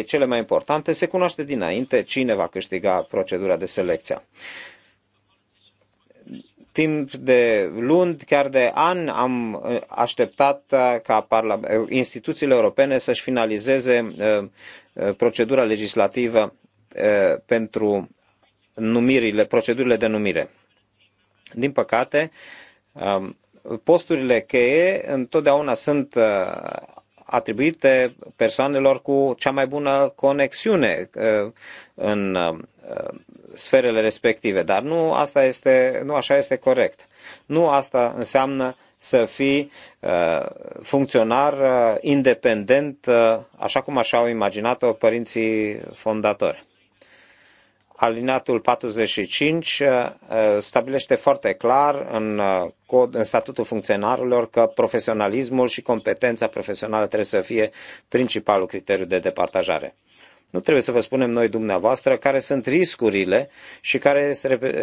[SPEAKER 1] cele mai importante, se cunoaște dinainte cine va câștiga procedura de selecție timp de luni, chiar de ani, am uh, așteptat ca instituțiile europene să-și finalizeze procedura legislativă pentru numirile, procedurile de numire. Din păcate, posturile cheie întotdeauna sunt atribuite persoanelor cu cea mai bună conexiune în sferele respective, dar nu asta este, nu așa este corect. Nu asta înseamnă să fii funcționar independent, așa cum așa au imaginat-o părinții fondatori. Alinatul 45 uh, uh, stabilește foarte clar în, uh, cod, în statutul funcționarilor că profesionalismul și competența profesională trebuie să fie principalul criteriu de departajare. Nu trebuie să vă spunem noi dumneavoastră care sunt riscurile și care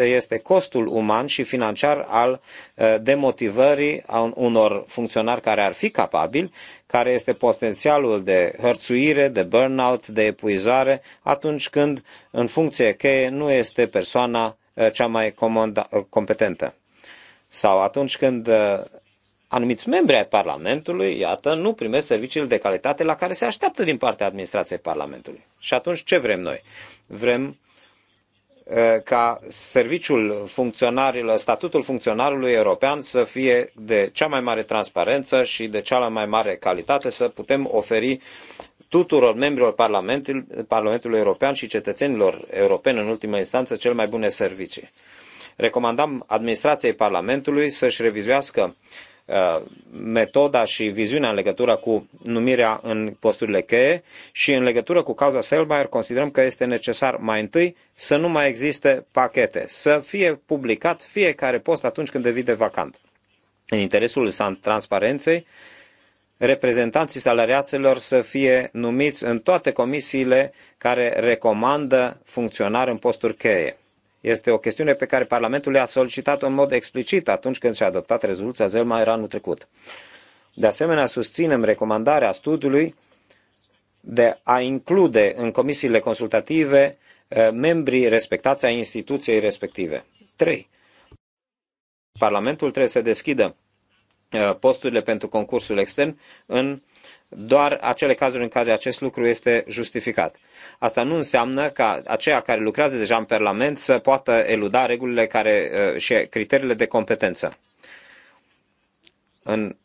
[SPEAKER 1] este costul uman și financiar al uh, demotivării a unor funcționari care ar fi capabili, care este potențialul de hărțuire, de burnout, de epuizare, atunci când în funcție cheie nu este persoana uh, cea mai uh, competentă. Sau atunci când anumiți membri ai Parlamentului, iată, nu primesc serviciile de calitate la care se așteaptă din partea administrației Parlamentului. Și atunci ce vrem noi? Vrem uh, ca serviciul funcționarilor, statutul funcționarului european să fie de cea mai mare transparență și de cea mai mare calitate, să putem oferi tuturor membrilor Parlamentului, Parlamentului European și cetățenilor europeni, în ultima instanță, cel mai bune servicii. Recomandam administrației Parlamentului să-și revizuiască uh, Uh, metoda și viziunea în legătură cu numirea în posturile cheie și în legătură cu cauza Selmayr considerăm că este necesar mai întâi să nu mai existe pachete, să fie publicat fiecare post atunci când devine vacant. În interesul transparenței, reprezentanții salariaților să fie numiți în toate comisiile care recomandă funcționari în posturi cheie. Este o chestiune pe care Parlamentul le-a solicitat în mod explicit atunci când și-a adoptat rezoluția era anul trecut. De asemenea, susținem recomandarea studiului de a include în comisiile consultative eh, membrii respectați ai instituției respective. 3. Parlamentul trebuie să deschidă eh, posturile pentru concursul extern în doar acele cazuri în care acest lucru este justificat. Asta nu înseamnă ca aceia care lucrează deja în Parlament să poată eluda regulile care, uh, și criteriile de competență. În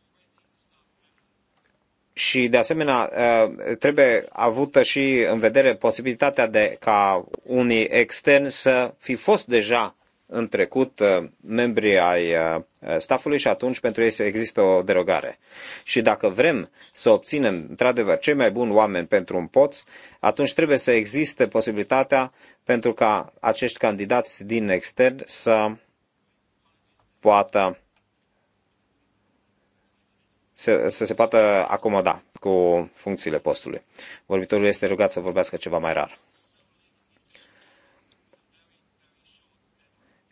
[SPEAKER 1] și, de asemenea, uh, trebuie avută și în vedere posibilitatea de ca unii externi să fi fost deja în trecut uh, membrii ai uh, staffului și atunci pentru ei există o derogare. Și dacă vrem să obținem, într-adevăr, cei mai buni oameni pentru un post, atunci trebuie să existe posibilitatea pentru ca acești candidați din extern să poată să, să se poată acomoda cu funcțiile postului. Vorbitorul este rugat să vorbească ceva mai rar.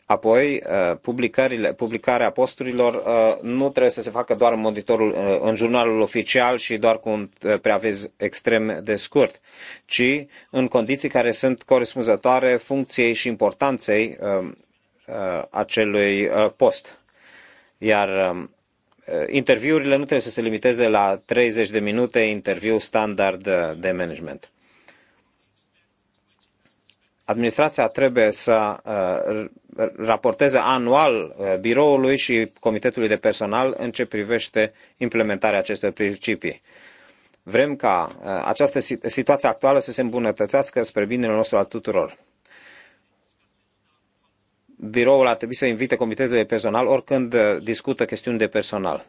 [SPEAKER 1] Apoi, uh, publicările, publicarea posturilor uh, nu trebuie să se facă doar în monitorul, uh, în jurnalul oficial și doar cu un preaviz extrem de scurt, ci în condiții care sunt corespunzătoare funcției și importanței acelui post. Iar um, interviurile nu trebuie să se limiteze la 30 de minute interviu standard de management. Administrația trebuie să uh, raporteze anual uh, biroului și comitetului de personal în ce privește implementarea acestor principii. Vrem ca uh, această situație actuală să se îmbunătățească spre binele nostru al tuturor biroul ar trebui să invite comitetul de personal oricând discută chestiuni de personal.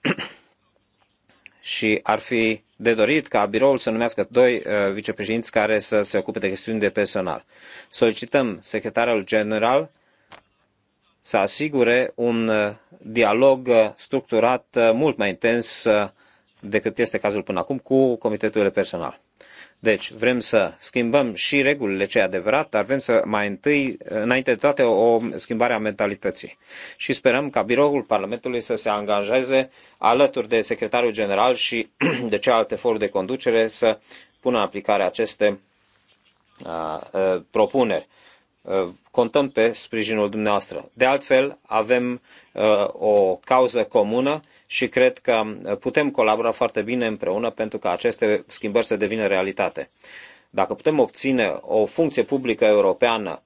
[SPEAKER 1] și ar fi de dorit ca biroul să numească doi uh, vicepreședinți care să se ocupe de chestiuni de personal. Solicităm secretarul general să asigure un uh, dialog uh, structurat uh, mult mai intens uh, decât este cazul până acum cu comitetul de personal. Deci, vrem să schimbăm și regulile, ce adevărat, dar vrem să mai întâi, înainte de toate, o schimbare a mentalității. Și sperăm ca biroul Parlamentului să se angajeze alături de secretarul general și de cealaltă foruri de conducere să pună în aplicare aceste a, a, propuneri contăm pe sprijinul dumneavoastră. De altfel, avem uh, o cauză comună și cred că uh, putem colabora foarte bine împreună pentru ca aceste schimbări să devină realitate. Dacă putem obține o funcție publică europeană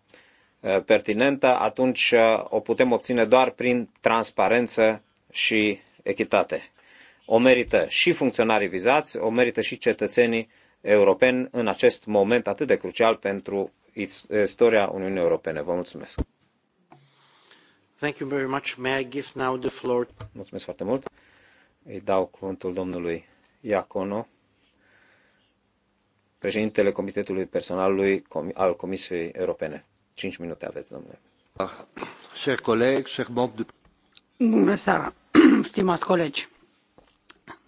[SPEAKER 1] uh, pertinentă, atunci o putem obține doar prin transparență și echitate. O merită și funcționarii vizați, o merită și cetățenii europeni în acest moment atât de crucial pentru istoria uh, Uniunii Europene. Vă mulțumesc! Thank you very much. May I give now the floor? Mulțumesc foarte mult. Îi dau cuvântul domnului Iacono, președintele Comitetului Personalului al Comisiei Europene. Cinci minute aveți, domnule. Cher coleg, cher de...
[SPEAKER 2] Bună seara, stimați colegi.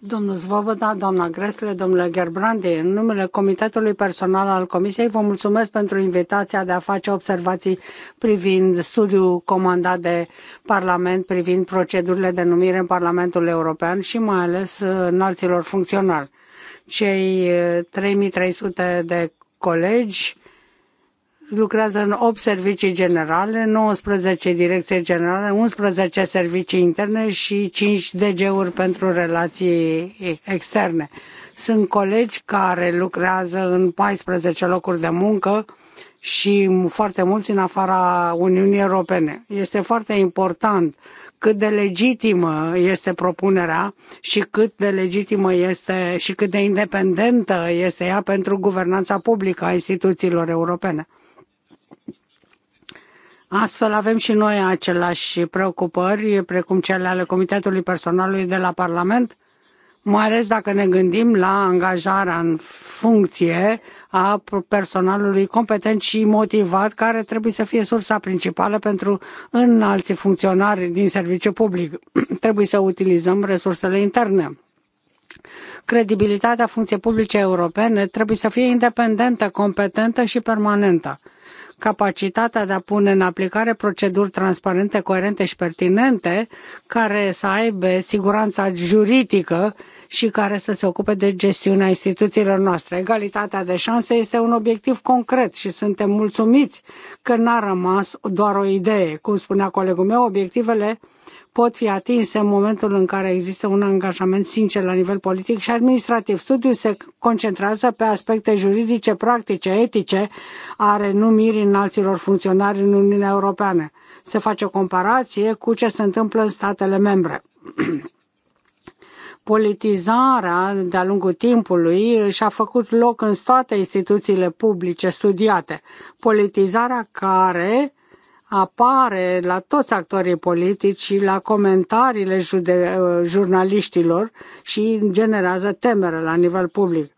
[SPEAKER 2] Domnul Zvoboda, doamna Gresle, domnule Gerbrandi, în numele Comitetului Personal al Comisiei, vă mulțumesc pentru invitația de a face observații privind studiul comandat de Parlament, privind procedurile de numire în Parlamentul European și mai ales uh, înalților funcționari. Cei 3300 uh, de colegi lucrează în 8 servicii generale, 19 direcții generale, 11 servicii interne și 5 DG-uri pentru relații externe. Sunt colegi care lucrează în 14 locuri de muncă și foarte mulți în afara Uniunii Europene. Este foarte important cât de legitimă este propunerea și cât de legitimă este și cât de independentă este ea pentru guvernanța publică a instituțiilor europene. Astfel avem și noi aceleași preocupări, precum cele ale Comitetului Personalului de la Parlament, mai ales dacă ne gândim la angajarea în funcție a personalului competent și motivat, care trebuie să fie sursa principală pentru înalți funcționari din serviciu public. trebuie să utilizăm resursele interne. Credibilitatea funcției publice europene trebuie să fie independentă, competentă și permanentă capacitatea de a pune în aplicare proceduri transparente, coerente și pertinente, care să aibă siguranța juridică și care să se ocupe de gestiunea instituțiilor noastre. Egalitatea de șanse este un obiectiv concret și suntem mulțumiți că n-a rămas doar o idee. Cum spunea colegul meu, obiectivele pot fi atinse în momentul în care există un angajament sincer la nivel politic și administrativ. Studiul se concentrează pe aspecte juridice, practice, etice ale în alților funcționari în Uniunea Europeană. Se face o comparație cu ce se întâmplă în statele membre. Politizarea de-a lungul timpului și-a făcut loc în toate instituțiile publice studiate. Politizarea care apare la toți actorii politici și la comentariile jude- jurnaliștilor și generează temere la nivel public.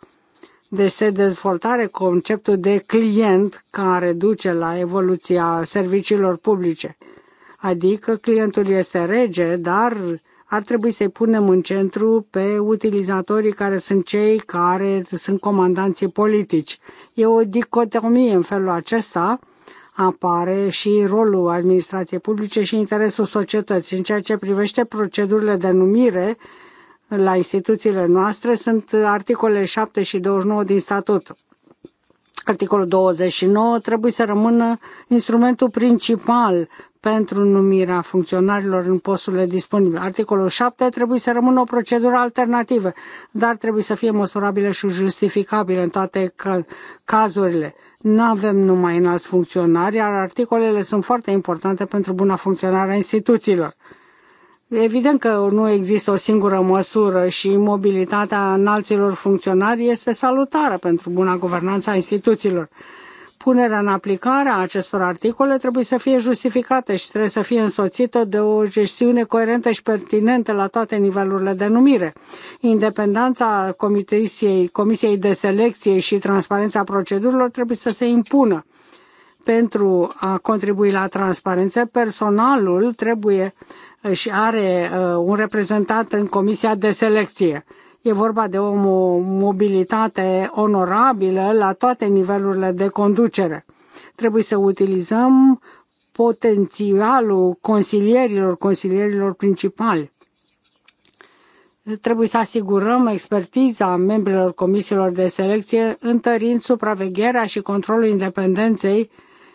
[SPEAKER 2] Deci se dezvoltare conceptul de client care duce la evoluția serviciilor publice. Adică clientul este rege, dar ar trebui să-i punem în centru pe utilizatorii care sunt cei care sunt comandanții politici. E o dicotomie în felul acesta apare și rolul administrației publice și interesul societății. În ceea ce privește procedurile de numire la instituțiile noastre sunt articole 7 și 29 din statut. Articolul 29 trebuie să rămână instrumentul principal pentru numirea funcționarilor în posturile disponibile. Articolul 7 trebuie să rămână o procedură alternativă, dar trebuie să fie măsurabilă și justificabilă în toate cazurile. Nu avem numai înalți funcționari, iar articolele sunt foarte importante pentru buna funcționare a instituțiilor. Evident că nu există o singură măsură și mobilitatea înalților funcționari este salutară pentru buna guvernanță a instituțiilor. Punerea în aplicare a acestor articole trebuie să fie justificată și trebuie să fie însoțită de o gestiune coerentă și pertinentă la toate nivelurile de numire. Independența comisiei, comisiei de selecție și transparența procedurilor trebuie să se impună. Pentru a contribui la transparență, personalul trebuie și are uh, un reprezentant în comisia de selecție. E vorba de o mobilitate onorabilă la toate nivelurile de conducere. Trebuie să utilizăm potențialul consilierilor, consilierilor principali. Trebuie să asigurăm expertiza membrilor comisiilor de selecție, întărind supravegherea și controlul independenței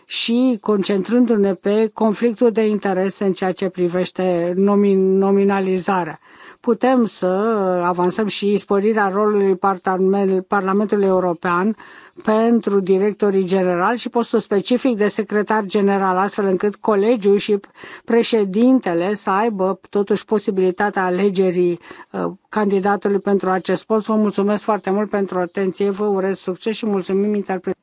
[SPEAKER 2] și concentrându-ne pe conflictul de interese în ceea ce privește nomin- nominalizarea. Putem să avansăm și sporirea rolului Parlamentului European pentru directorii generali și postul specific de secretar general, astfel încât colegiul și președintele să aibă totuși posibilitatea alegerii uh, candidatului pentru acest post. Vă mulțumesc foarte mult pentru atenție, vă urez succes și mulțumim interpretării.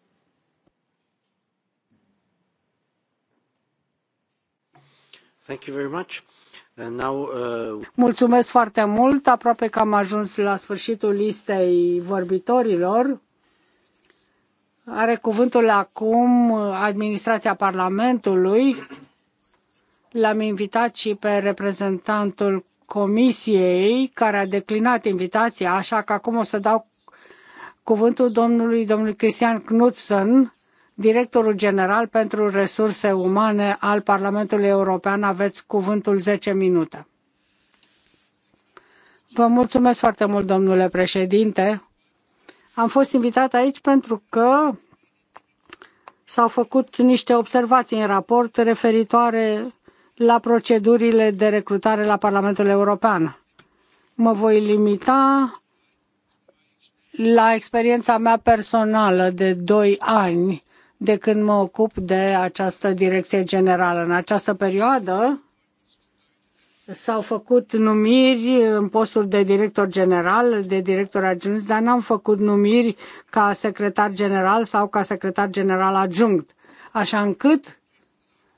[SPEAKER 2] Uh, Mulțumesc foarte mult. Aproape că am ajuns la sfârșitul listei vorbitorilor. Are cuvântul acum administrația Parlamentului. L-am invitat și pe reprezentantul Comisiei, care a declinat invitația, așa că acum o să dau cuvântul domnului, domnului Cristian Knudsen, directorul general pentru resurse umane al Parlamentului European. Aveți cuvântul 10 minute. Vă mulțumesc foarte mult, domnule președinte. Am fost invitat aici pentru că s-au făcut niște observații în raport referitoare la procedurile de recrutare la Parlamentul European. Mă voi limita la experiența mea personală de doi ani de când mă ocup de această direcție generală. În această perioadă s-au făcut numiri în postul de director general, de director adjunct, dar n-am făcut numiri ca secretar general sau ca secretar general adjunct. Așa încât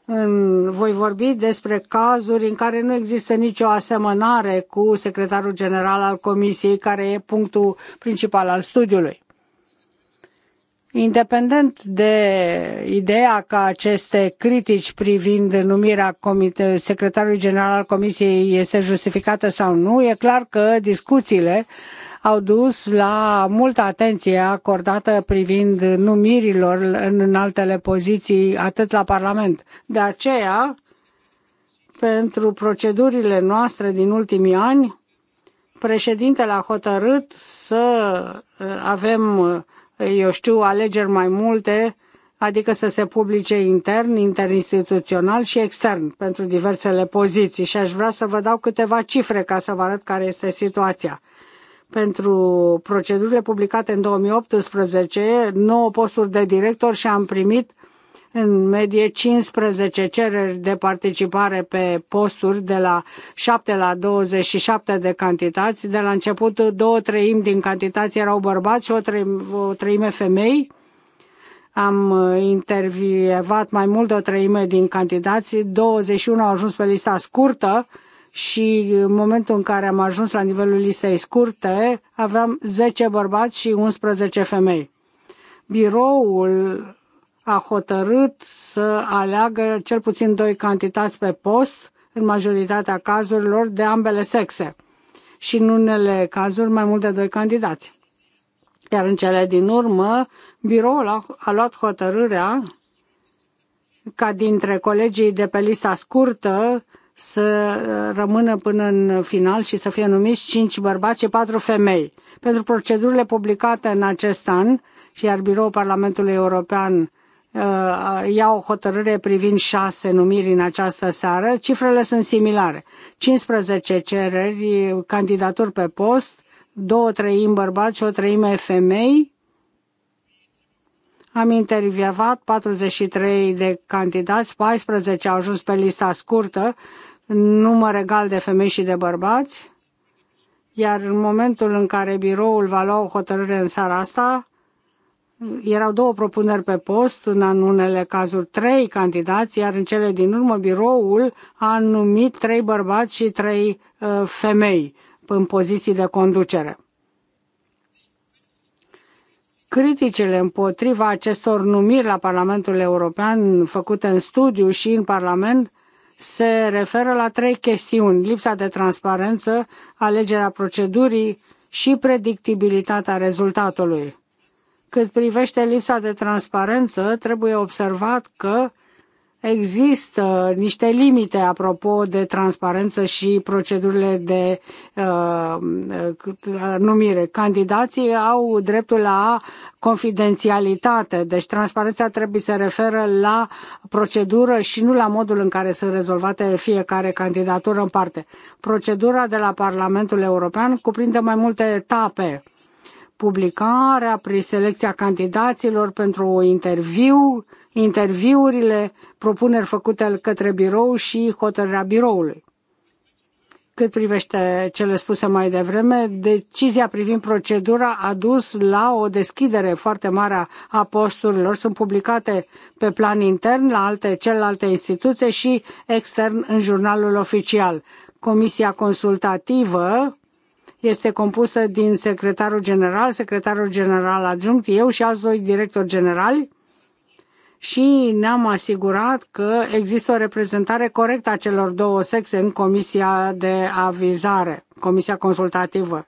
[SPEAKER 2] în, voi vorbi despre cazuri în care nu există nicio asemănare cu secretarul general al comisiei, care e punctul principal al studiului. Independent de ideea că aceste critici privind numirea comite- secretarului general al Comisiei este justificată sau nu, e clar că discuțiile au dus la multă atenție acordată privind numirilor în altele poziții, atât la Parlament. De aceea, pentru procedurile noastre din ultimii ani, președintele a hotărât să eh, avem eu știu, alegeri mai multe, adică să se publice intern, interinstituțional și extern pentru diversele poziții. Și aș vrea să vă dau câteva cifre ca să vă arăt care este situația. Pentru procedurile publicate în 2018, 9 posturi de director și am primit în medie 15 cereri de participare pe posturi de la 7 la 27 de candidați. De la început, două treimi din candidați erau bărbați și o treime, o treime femei. Am intervievat mai mult de o treime din candidați, 21 au ajuns pe lista scurtă și în momentul în care am ajuns la nivelul listei scurte, aveam 10 bărbați și 11 femei. Biroul a hotărât să aleagă cel puțin doi candidați pe post, în majoritatea cazurilor, de ambele sexe și în unele cazuri mai mult de doi candidați. Iar în cele din urmă, biroul a, a luat hotărârea ca dintre colegii de pe lista scurtă să uh, rămână până în final și să fie numiți cinci bărbați și patru femei. Pentru procedurile publicate în acest an, și iar Biroul Parlamentului European Uh, ia o hotărâre privind șase numiri în această seară. Cifrele sunt similare. 15 cereri, candidaturi pe post, două treimi bărbați și o treime femei. Am intervievat 43 de candidați, 14 au ajuns pe lista scurtă, număr egal de femei și de bărbați. Iar în momentul în care biroul va lua o hotărâre în seara asta, erau două propuneri pe post, în unele cazuri trei candidați, iar în cele din urmă biroul a numit trei bărbați și trei uh, femei în poziții de conducere. Criticile împotriva acestor numiri la Parlamentul European făcute în studiu și în Parlament se referă la trei chestiuni. Lipsa de transparență, alegerea procedurii și predictibilitatea rezultatului. Cât privește lipsa de transparență, trebuie observat că există niște limite apropo de transparență și procedurile de uh, uh numire. Candidații au dreptul la confidențialitate, deci transparența trebuie să referă la procedură și nu la modul în care sunt rezolvate fiecare candidatură în parte. Procedura de la Parlamentul European cuprinde mai multe etape publicarea, preselecția candidaților pentru interviu, interviurile, propuneri făcute către birou și hotărârea biroului. Cât privește cele spuse mai devreme, decizia privind procedura a dus la o deschidere foarte mare a posturilor. Sunt publicate pe plan intern la alte, celelalte instituții și extern în jurnalul oficial. Comisia consultativă este compusă din secretarul general, secretarul general adjunct, eu și alți doi directori generali și ne-am asigurat că există o reprezentare corectă a celor două sexe în comisia de avizare, comisia consultativă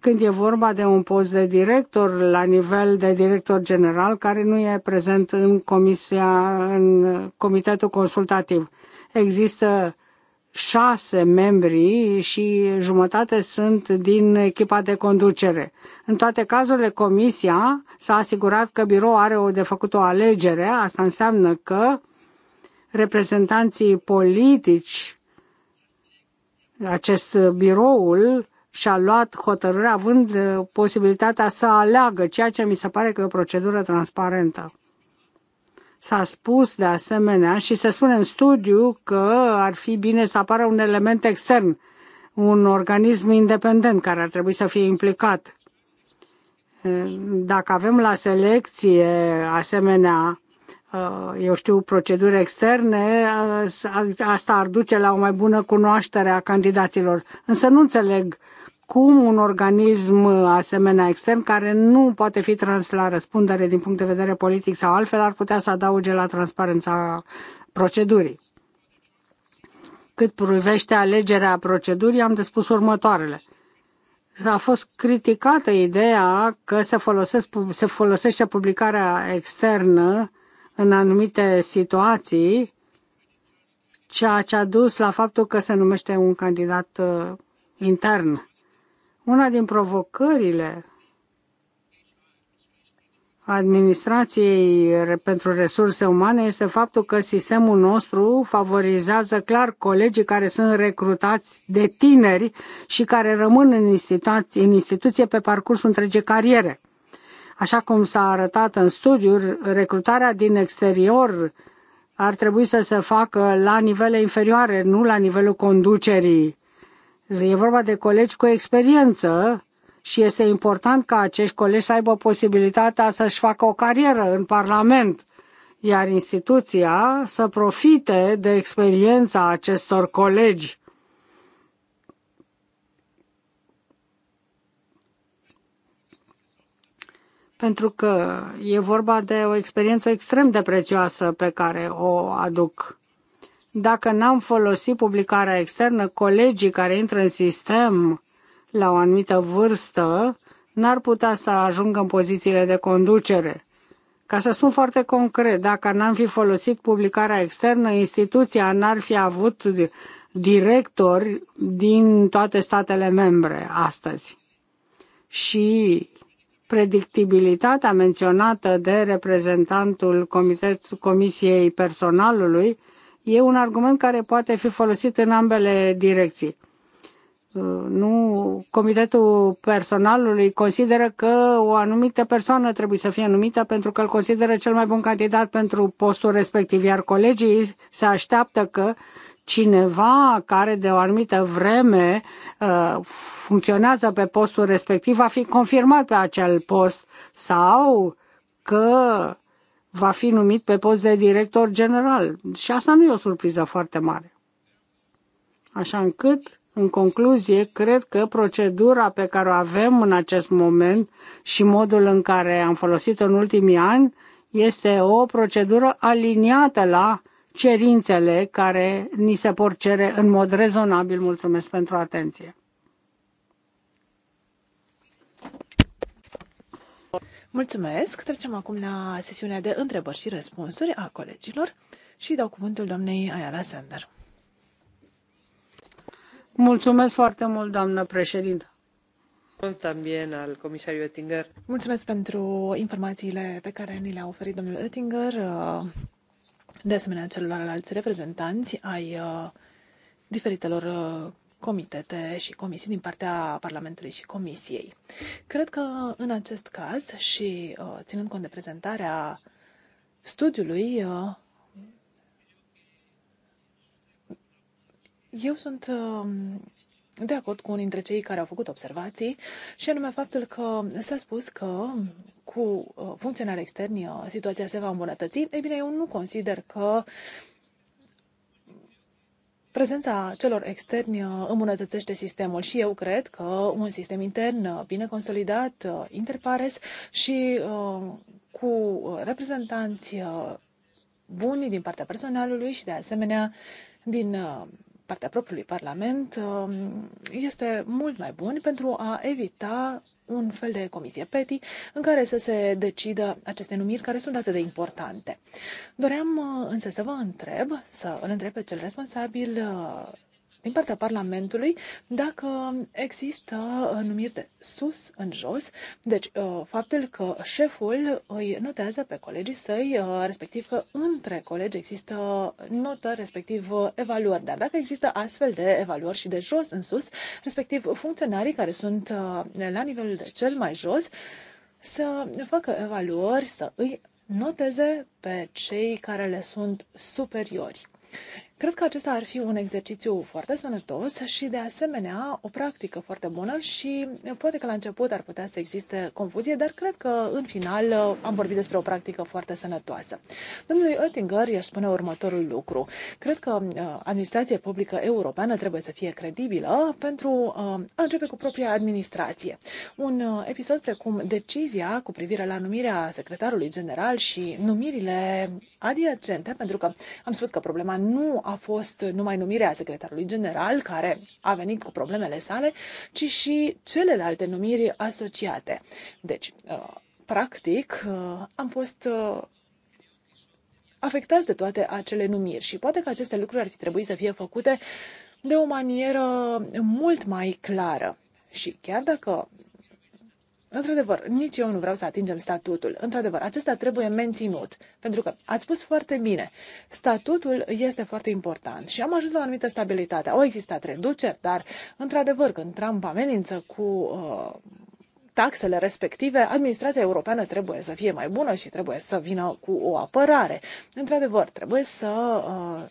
[SPEAKER 2] când e vorba de un post de director la nivel de director general care nu e prezent în comisia, în comitetul consultativ. Există șase membri și jumătate sunt din echipa de conducere. În toate cazurile, comisia s-a asigurat că birou are o de făcut o alegere, asta înseamnă că reprezentanții politici, acest biroul și-a luat hotărârea având posibilitatea să aleagă, ceea ce mi se pare că e o procedură transparentă. S-a spus de asemenea și se spune în studiu că ar fi bine să apară un element extern, un organism independent care ar trebui să fie implicat. Dacă avem la selecție asemenea, eu știu, proceduri externe, asta ar duce la o mai bună cunoaștere a candidaților. Însă nu înțeleg cum un organism asemenea extern care nu poate fi trans la răspundere din punct de vedere politic sau altfel ar putea să adauge la transparența procedurii. Cât privește alegerea procedurii, am de spus următoarele. A fost criticată ideea că se, folosesc, se folosește publicarea externă în anumite situații, ceea ce a dus la faptul că se numește un candidat uh, intern una din provocările administrației pentru resurse umane este faptul că sistemul nostru favorizează clar colegii care sunt recrutați de tineri și care rămân în instituție, în instituție pe parcursul întregii cariere. Așa cum s-a arătat în studiuri, recrutarea din exterior ar trebui să se facă la nivele inferioare, nu la nivelul conducerii E vorba de colegi cu experiență și este important ca acești colegi să aibă posibilitatea să-și facă o carieră în Parlament, iar instituția să profite de experiența acestor colegi. pentru că e vorba de o experiență extrem de prețioasă pe care o aduc. Dacă n-am folosit publicarea externă, colegii care intră în sistem la o anumită vârstă n-ar putea să ajungă în pozițiile de conducere. Ca să spun foarte concret, dacă n-am fi folosit publicarea externă, instituția n-ar fi avut directori din toate statele membre astăzi. Și predictibilitatea menționată de reprezentantul Comisiei Personalului E un argument care poate fi folosit în ambele direcții. Uh, nu, comitetul personalului consideră că o anumită persoană trebuie să fie numită pentru că îl consideră cel mai bun candidat pentru postul respectiv, iar colegii se așteaptă că cineva care de o anumită vreme uh, funcționează pe postul respectiv va fi confirmat pe acel post sau că va fi numit pe post de director general. Și asta nu e o surpriză foarte mare. Așa încât, în concluzie, cred că procedura pe care o avem în acest moment și modul în care am folosit-o în ultimii ani este o procedură aliniată la cerințele care ni se por cere în mod rezonabil. Mulțumesc pentru atenție.
[SPEAKER 3] Mulțumesc! Trecem acum la sesiunea de întrebări și răspunsuri a colegilor și dau cuvântul doamnei Ayala Sander.
[SPEAKER 2] Mulțumesc foarte mult, doamnă președintă!
[SPEAKER 3] También al comisario Oettinger.
[SPEAKER 2] Mulțumesc pentru
[SPEAKER 3] informațiile pe care ni le-a oferit domnul Oettinger, de asemenea celorlalți reprezentanți ai uh, diferitelor uh, comitete și comisii din partea Parlamentului și Comisiei. Cred că în acest caz și uh, ținând cont de prezentarea studiului, uh, eu sunt um, de acord cu unii dintre cei care au făcut observații, și anume faptul că s-a spus că cu uh, funcționari externi situația se va îmbunătăți. Ei bine, eu nu consider că prezența celor externi uh, îmbunătățește sistemul și eu cred că un sistem intern uh, bine consolidat, uh, interpares și cu reprezentanți buni din partea personalului și de asemenea din partea propriului Parlament um, este mult mai bun pentru a evita un fel de comisie PETI în care să se decidă aceste numiri care sunt atât de importante. Doream uh, însă să vă întreb, să îl întreb pe cel responsabil uh, din partea Parlamentului dacă există numiri de sus în jos. Deci, uh, faptul că șeful îi notează pe colegii săi, uh, respectiv că între colegi există notă, respectiv uh, evaluări. Dar dacă există astfel de evaluări și de jos în sus, respectiv funcționarii care sunt la nivelul de cel mai jos, să facă evaluări, să îi noteze pe cei care le sunt superiori. Cred că acesta ar fi un exercițiu foarte sănătos și, de asemenea, o practică foarte bună și poate că la început ar putea să existe confuzie, dar cred că, în final, am vorbit despre o practică foarte sănătoasă. Domnului Oettinger i-aș spune următorul lucru. Cred că uh, administrația publică europeană trebuie să fie credibilă pentru uh, a începe cu propria administrație. Un uh, episod precum decizia cu privire la numirea secretarului general și numirile adiacente, pentru că am spus că problema nu a fost numai numirea secretarului general, care a venit cu problemele sale, ci și celelalte numiri asociate. Deci, uh, practic, uh, am fost uh, afectați de toate acele numiri și poate că aceste lucruri ar fi trebuit să fie făcute de o manieră mult mai clară. Și chiar dacă Într-adevăr, nici eu nu vreau să atingem statutul. Într-adevăr, acesta trebuie menținut. Pentru că, ați spus foarte bine, statutul este foarte important și am ajuns la o anumită stabilitate. Au existat reduceri, dar, într-adevăr, când Trump amenință cu uh, taxele respective, administrația europeană trebuie să fie mai bună și trebuie să vină cu o apărare. Într-adevăr, trebuie să uh,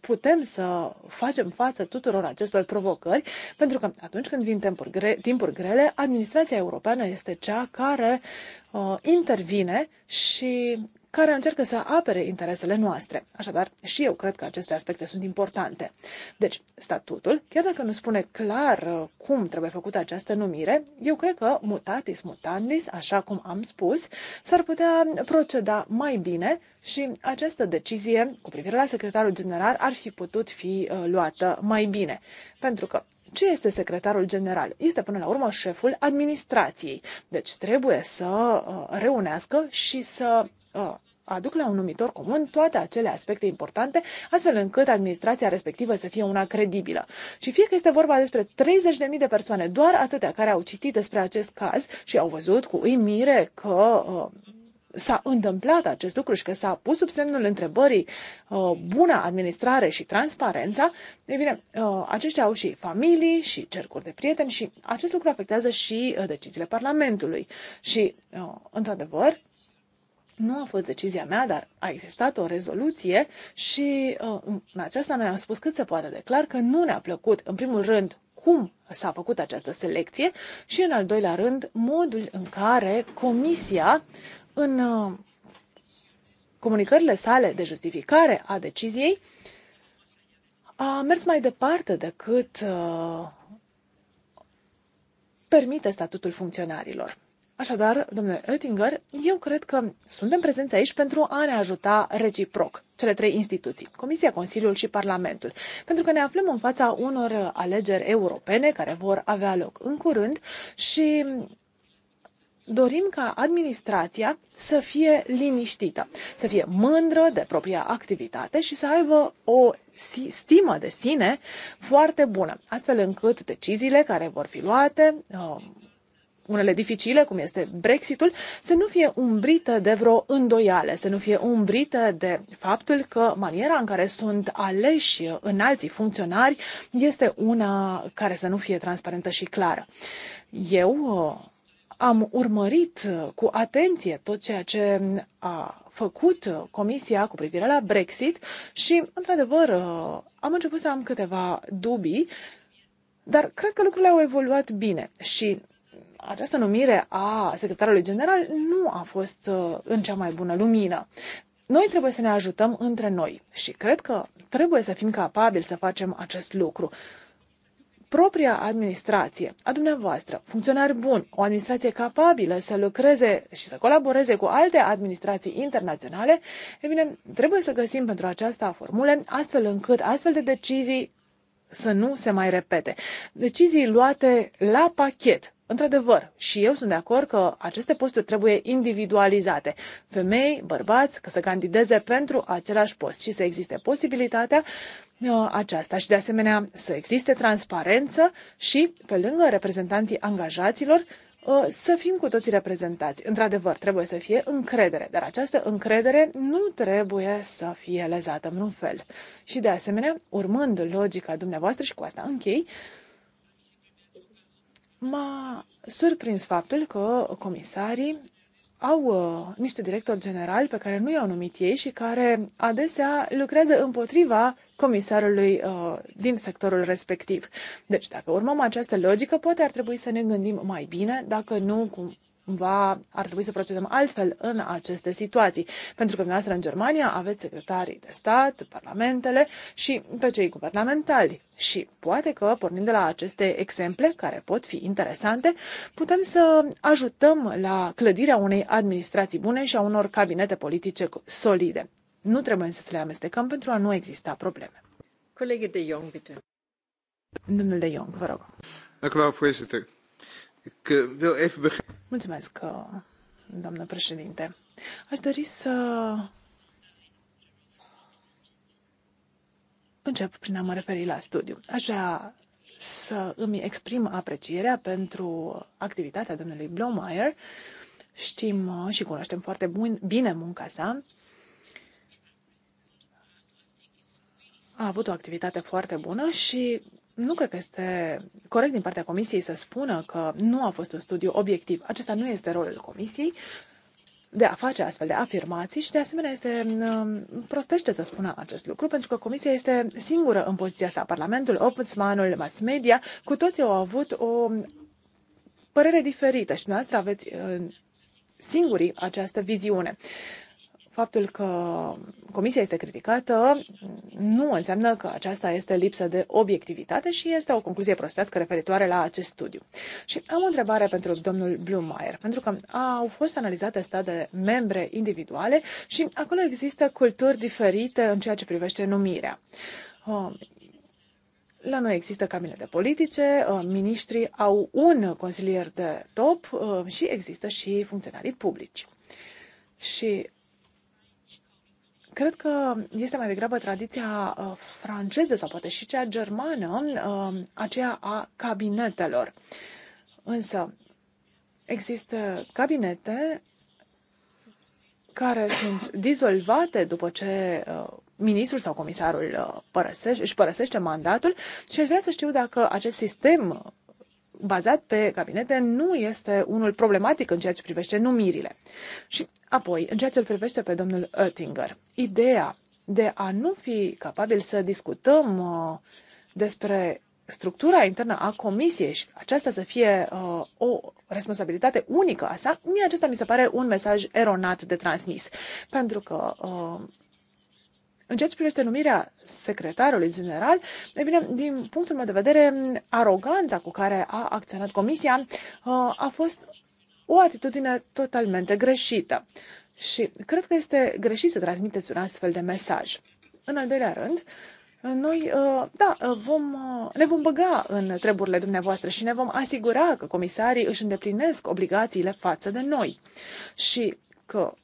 [SPEAKER 3] putem să facem față tuturor acestor provocări, pentru că atunci când vin timpuri, gre- timpuri grele, administrația europeană este cea care uh, intervine și care încearcă să apere interesele noastre. Așadar, și eu cred că aceste aspecte sunt importante. Deci, statutul, chiar dacă nu spune clar uh, cum trebuie făcută această numire, eu cred că mutatis mutandis, așa cum am spus, s-ar putea proceda mai bine și această decizie cu privire la secretarul general ar fi putut fi uh, luată mai bine. Pentru că ce este secretarul general? Este până la urmă șeful administrației. Deci trebuie să uh, reunească și să Uh, aduc la un numitor comun toate acele aspecte importante, astfel încât administrația respectivă să fie una credibilă. Și fie că este vorba despre 30.000 de persoane, doar atâtea care au citit despre acest caz și au văzut cu uimire că uh, s-a întâmplat acest lucru și că s-a pus sub semnul întrebării uh, buna administrare și transparența, e bine, uh, aceștia au și familii și cercuri de prieteni și acest lucru afectează și uh, deciziile Parlamentului. Și, uh, într-adevăr, nu a fost decizia mea, dar a existat o rezoluție și uh, în aceasta noi am spus cât se poate de clar că nu ne-a plăcut, în primul rând, cum s-a făcut această selecție și, în al doilea rând, modul în care Comisia, în uh, comunicările sale de justificare a deciziei, a mers mai departe decât uh, permite statutul funcționarilor. Așadar, domnule Oettinger, eu cred că suntem prezenți aici pentru a ne ajuta reciproc, cele trei instituții, Comisia, Consiliul și Parlamentul, pentru că ne aflăm în fața unor alegeri europene care vor avea loc în curând și dorim ca administrația să fie liniștită, să fie mândră de propria activitate și să aibă o stimă de sine foarte bună, astfel încât deciziile care vor fi luate uh, unele dificile, cum este Brexitul, să nu fie umbrită de vreo îndoială, să nu fie umbrită de faptul că maniera în care sunt aleși în alții funcționari este una care să nu fie transparentă și clară. Eu uh, am urmărit cu atenție tot ceea ce a făcut Comisia cu privire la Brexit și, într-adevăr, uh, am început să am câteva dubii, dar cred că lucrurile au evoluat bine și această numire a secretarului general nu a fost uh, în cea mai bună lumină. Noi trebuie să ne ajutăm între noi și cred că trebuie să fim capabili să facem acest lucru. Propria administrație a dumneavoastră, funcționari buni, o administrație capabilă să lucreze și să colaboreze cu alte administrații internaționale, e bine, trebuie să găsim pentru aceasta formule astfel încât astfel de decizii să nu se mai repete. Decizii luate la pachet, Într-adevăr, și eu sunt de acord că aceste posturi trebuie individualizate. Femei, bărbați, că să candideze pentru același post și să existe posibilitatea uh, aceasta și, de asemenea, să existe transparență și, pe lângă reprezentanții angajaților, uh, să fim cu toții reprezentați. Într-adevăr, trebuie să fie încredere, dar această încredere nu trebuie să fie lezată în un fel. Și, de asemenea, urmând logica dumneavoastră și cu asta închei, m-a surprins faptul că comisarii au uh, niște directori generali pe care nu i-au numit ei și care adesea lucrează împotriva comisarului uh, din sectorul respectiv. Deci, dacă urmăm această logică, poate ar trebui să ne gândim mai bine, dacă nu cum, va, ar trebui să procedăm altfel în aceste situații. Pentru că dumneavoastră în Germania aveți secretarii de stat, parlamentele și pe cei guvernamentali. Și poate că, pornind de la aceste exemple, care pot fi interesante, putem să ajutăm la clădirea unei administrații bune și a unor cabinete politice solide. Nu trebuie să le amestecăm pentru a nu exista probleme.
[SPEAKER 2] Colegii de Jong, bitte.
[SPEAKER 3] Domnul de Jong, vă rog.
[SPEAKER 1] Dacă vă că wil
[SPEAKER 3] Mulțumesc, uh, doamnă președinte. Aș dori să încep prin a mă referi la studiu. Aș vrea să îmi exprim aprecierea pentru activitatea domnului Blomeyer. Știm uh, și cunoaștem foarte bun, bine munca sa. A avut o activitate foarte bună și nu cred că este corect din partea Comisiei să spună că nu a fost un studiu obiectiv. Acesta nu este rolul Comisiei de a face astfel de afirmații și de asemenea este um, prostește să spună acest lucru, pentru că Comisia este singură în poziția sa. Parlamentul, Ombudsmanul, mass media, cu toții au avut o părere diferită și noastră aveți uh, singurii această viziune faptul că comisia este criticată nu înseamnă că aceasta este lipsă de obiectivitate și este o concluzie prostească referitoare la acest studiu. Și am o întrebare pentru domnul Blumeyer, pentru că au fost analizate state membre individuale și acolo există culturi diferite în ceea ce privește numirea. Um, la noi există cabinete politice, uh, miniștrii au un consilier de top uh, și există și funcționarii publici. Și Cred că este mai degrabă tradiția uh, franceză sau poate și cea germană, uh, aceea a cabinetelor. Însă există cabinete care sunt dizolvate după ce uh, ministrul sau comisarul părăsește, își părăsește mandatul și aș vrea să știu dacă acest sistem bazat pe cabinete nu este unul problematic în ceea ce privește numirile. Și apoi, în ceea ce îl privește pe domnul Oettinger, ideea de a nu fi capabil să discutăm uh, despre structura internă a comisiei și aceasta să fie uh, o responsabilitate unică a sa, mie acesta mi se pare un mesaj eronat de transmis. Pentru că uh, în ceea ce privește numirea secretarului general, e bine, din punctul meu de vedere, aroganța cu care a acționat comisia uh, a fost o atitudine totalmente greșită. Și cred că este greșit să transmiteți un astfel de mesaj. În al doilea rând, noi, uh, da, vom, uh, ne vom băga în treburile dumneavoastră și ne vom asigura că comisarii își îndeplinesc obligațiile față de noi și că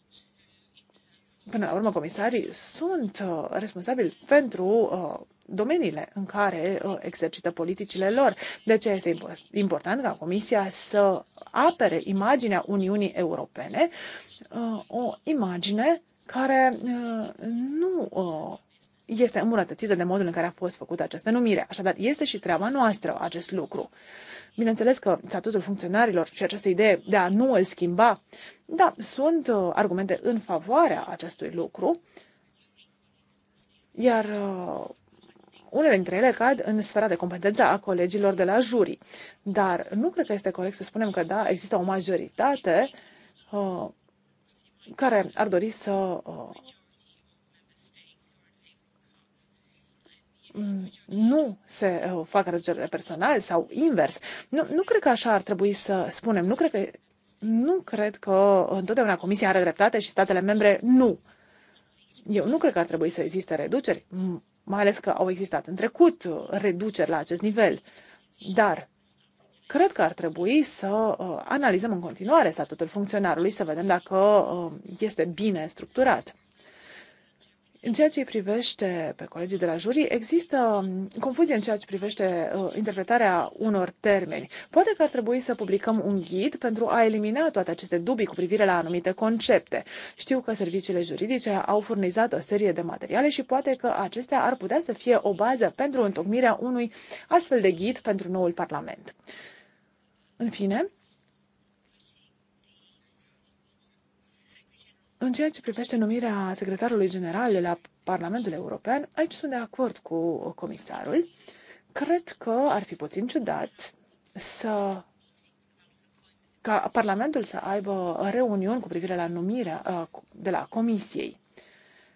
[SPEAKER 3] Până la urmă, comisarii sunt uh, responsabili pentru uh, domeniile în care uh, exercită politicile lor. De ce este important ca Comisia să apere imaginea Uniunii Europene, o imagine care nu este îmbunătățită de modul în care a fost făcută această numire. Așadar, este și treaba noastră acest lucru. Bineînțeles că statutul funcționarilor și această idee de a nu îl schimba, da, sunt uh, argumente în favoarea acestui lucru, iar uh, unele dintre ele cad în sfera de competență a colegilor de la juri. Dar nu cred că este corect să spunem că, da, există o majoritate uh, care ar dori să uh, nu se uh, fac reduceri personal sau invers. Nu, nu cred că așa ar trebui să spunem. Nu cred că, nu cred că uh, întotdeauna Comisia are dreptate și statele membre nu. Eu nu cred că ar trebui să existe reduceri, mai ales că au existat în trecut uh, reduceri la acest nivel. Dar cred că ar trebui să analizăm în continuare statutul funcționarului, să vedem dacă este bine structurat. În ceea ce privește pe colegii de la jurii, există um, confuzie în ceea ce privește uh, interpretarea unor termeni. Poate că ar trebui să publicăm un ghid pentru a elimina toate aceste dubii cu privire la anumite concepte. Știu că serviciile juridice au furnizat o serie de materiale și poate că acestea ar putea să fie o bază pentru întocmirea unui astfel de ghid pentru noul Parlament. În fine, În ceea ce privește numirea secretarului general la Parlamentul European, aici sunt de acord cu comisarul. Cred că ar fi puțin ciudat să ca Parlamentul să aibă reuniuni cu privire la numirea uh, de la Comisiei.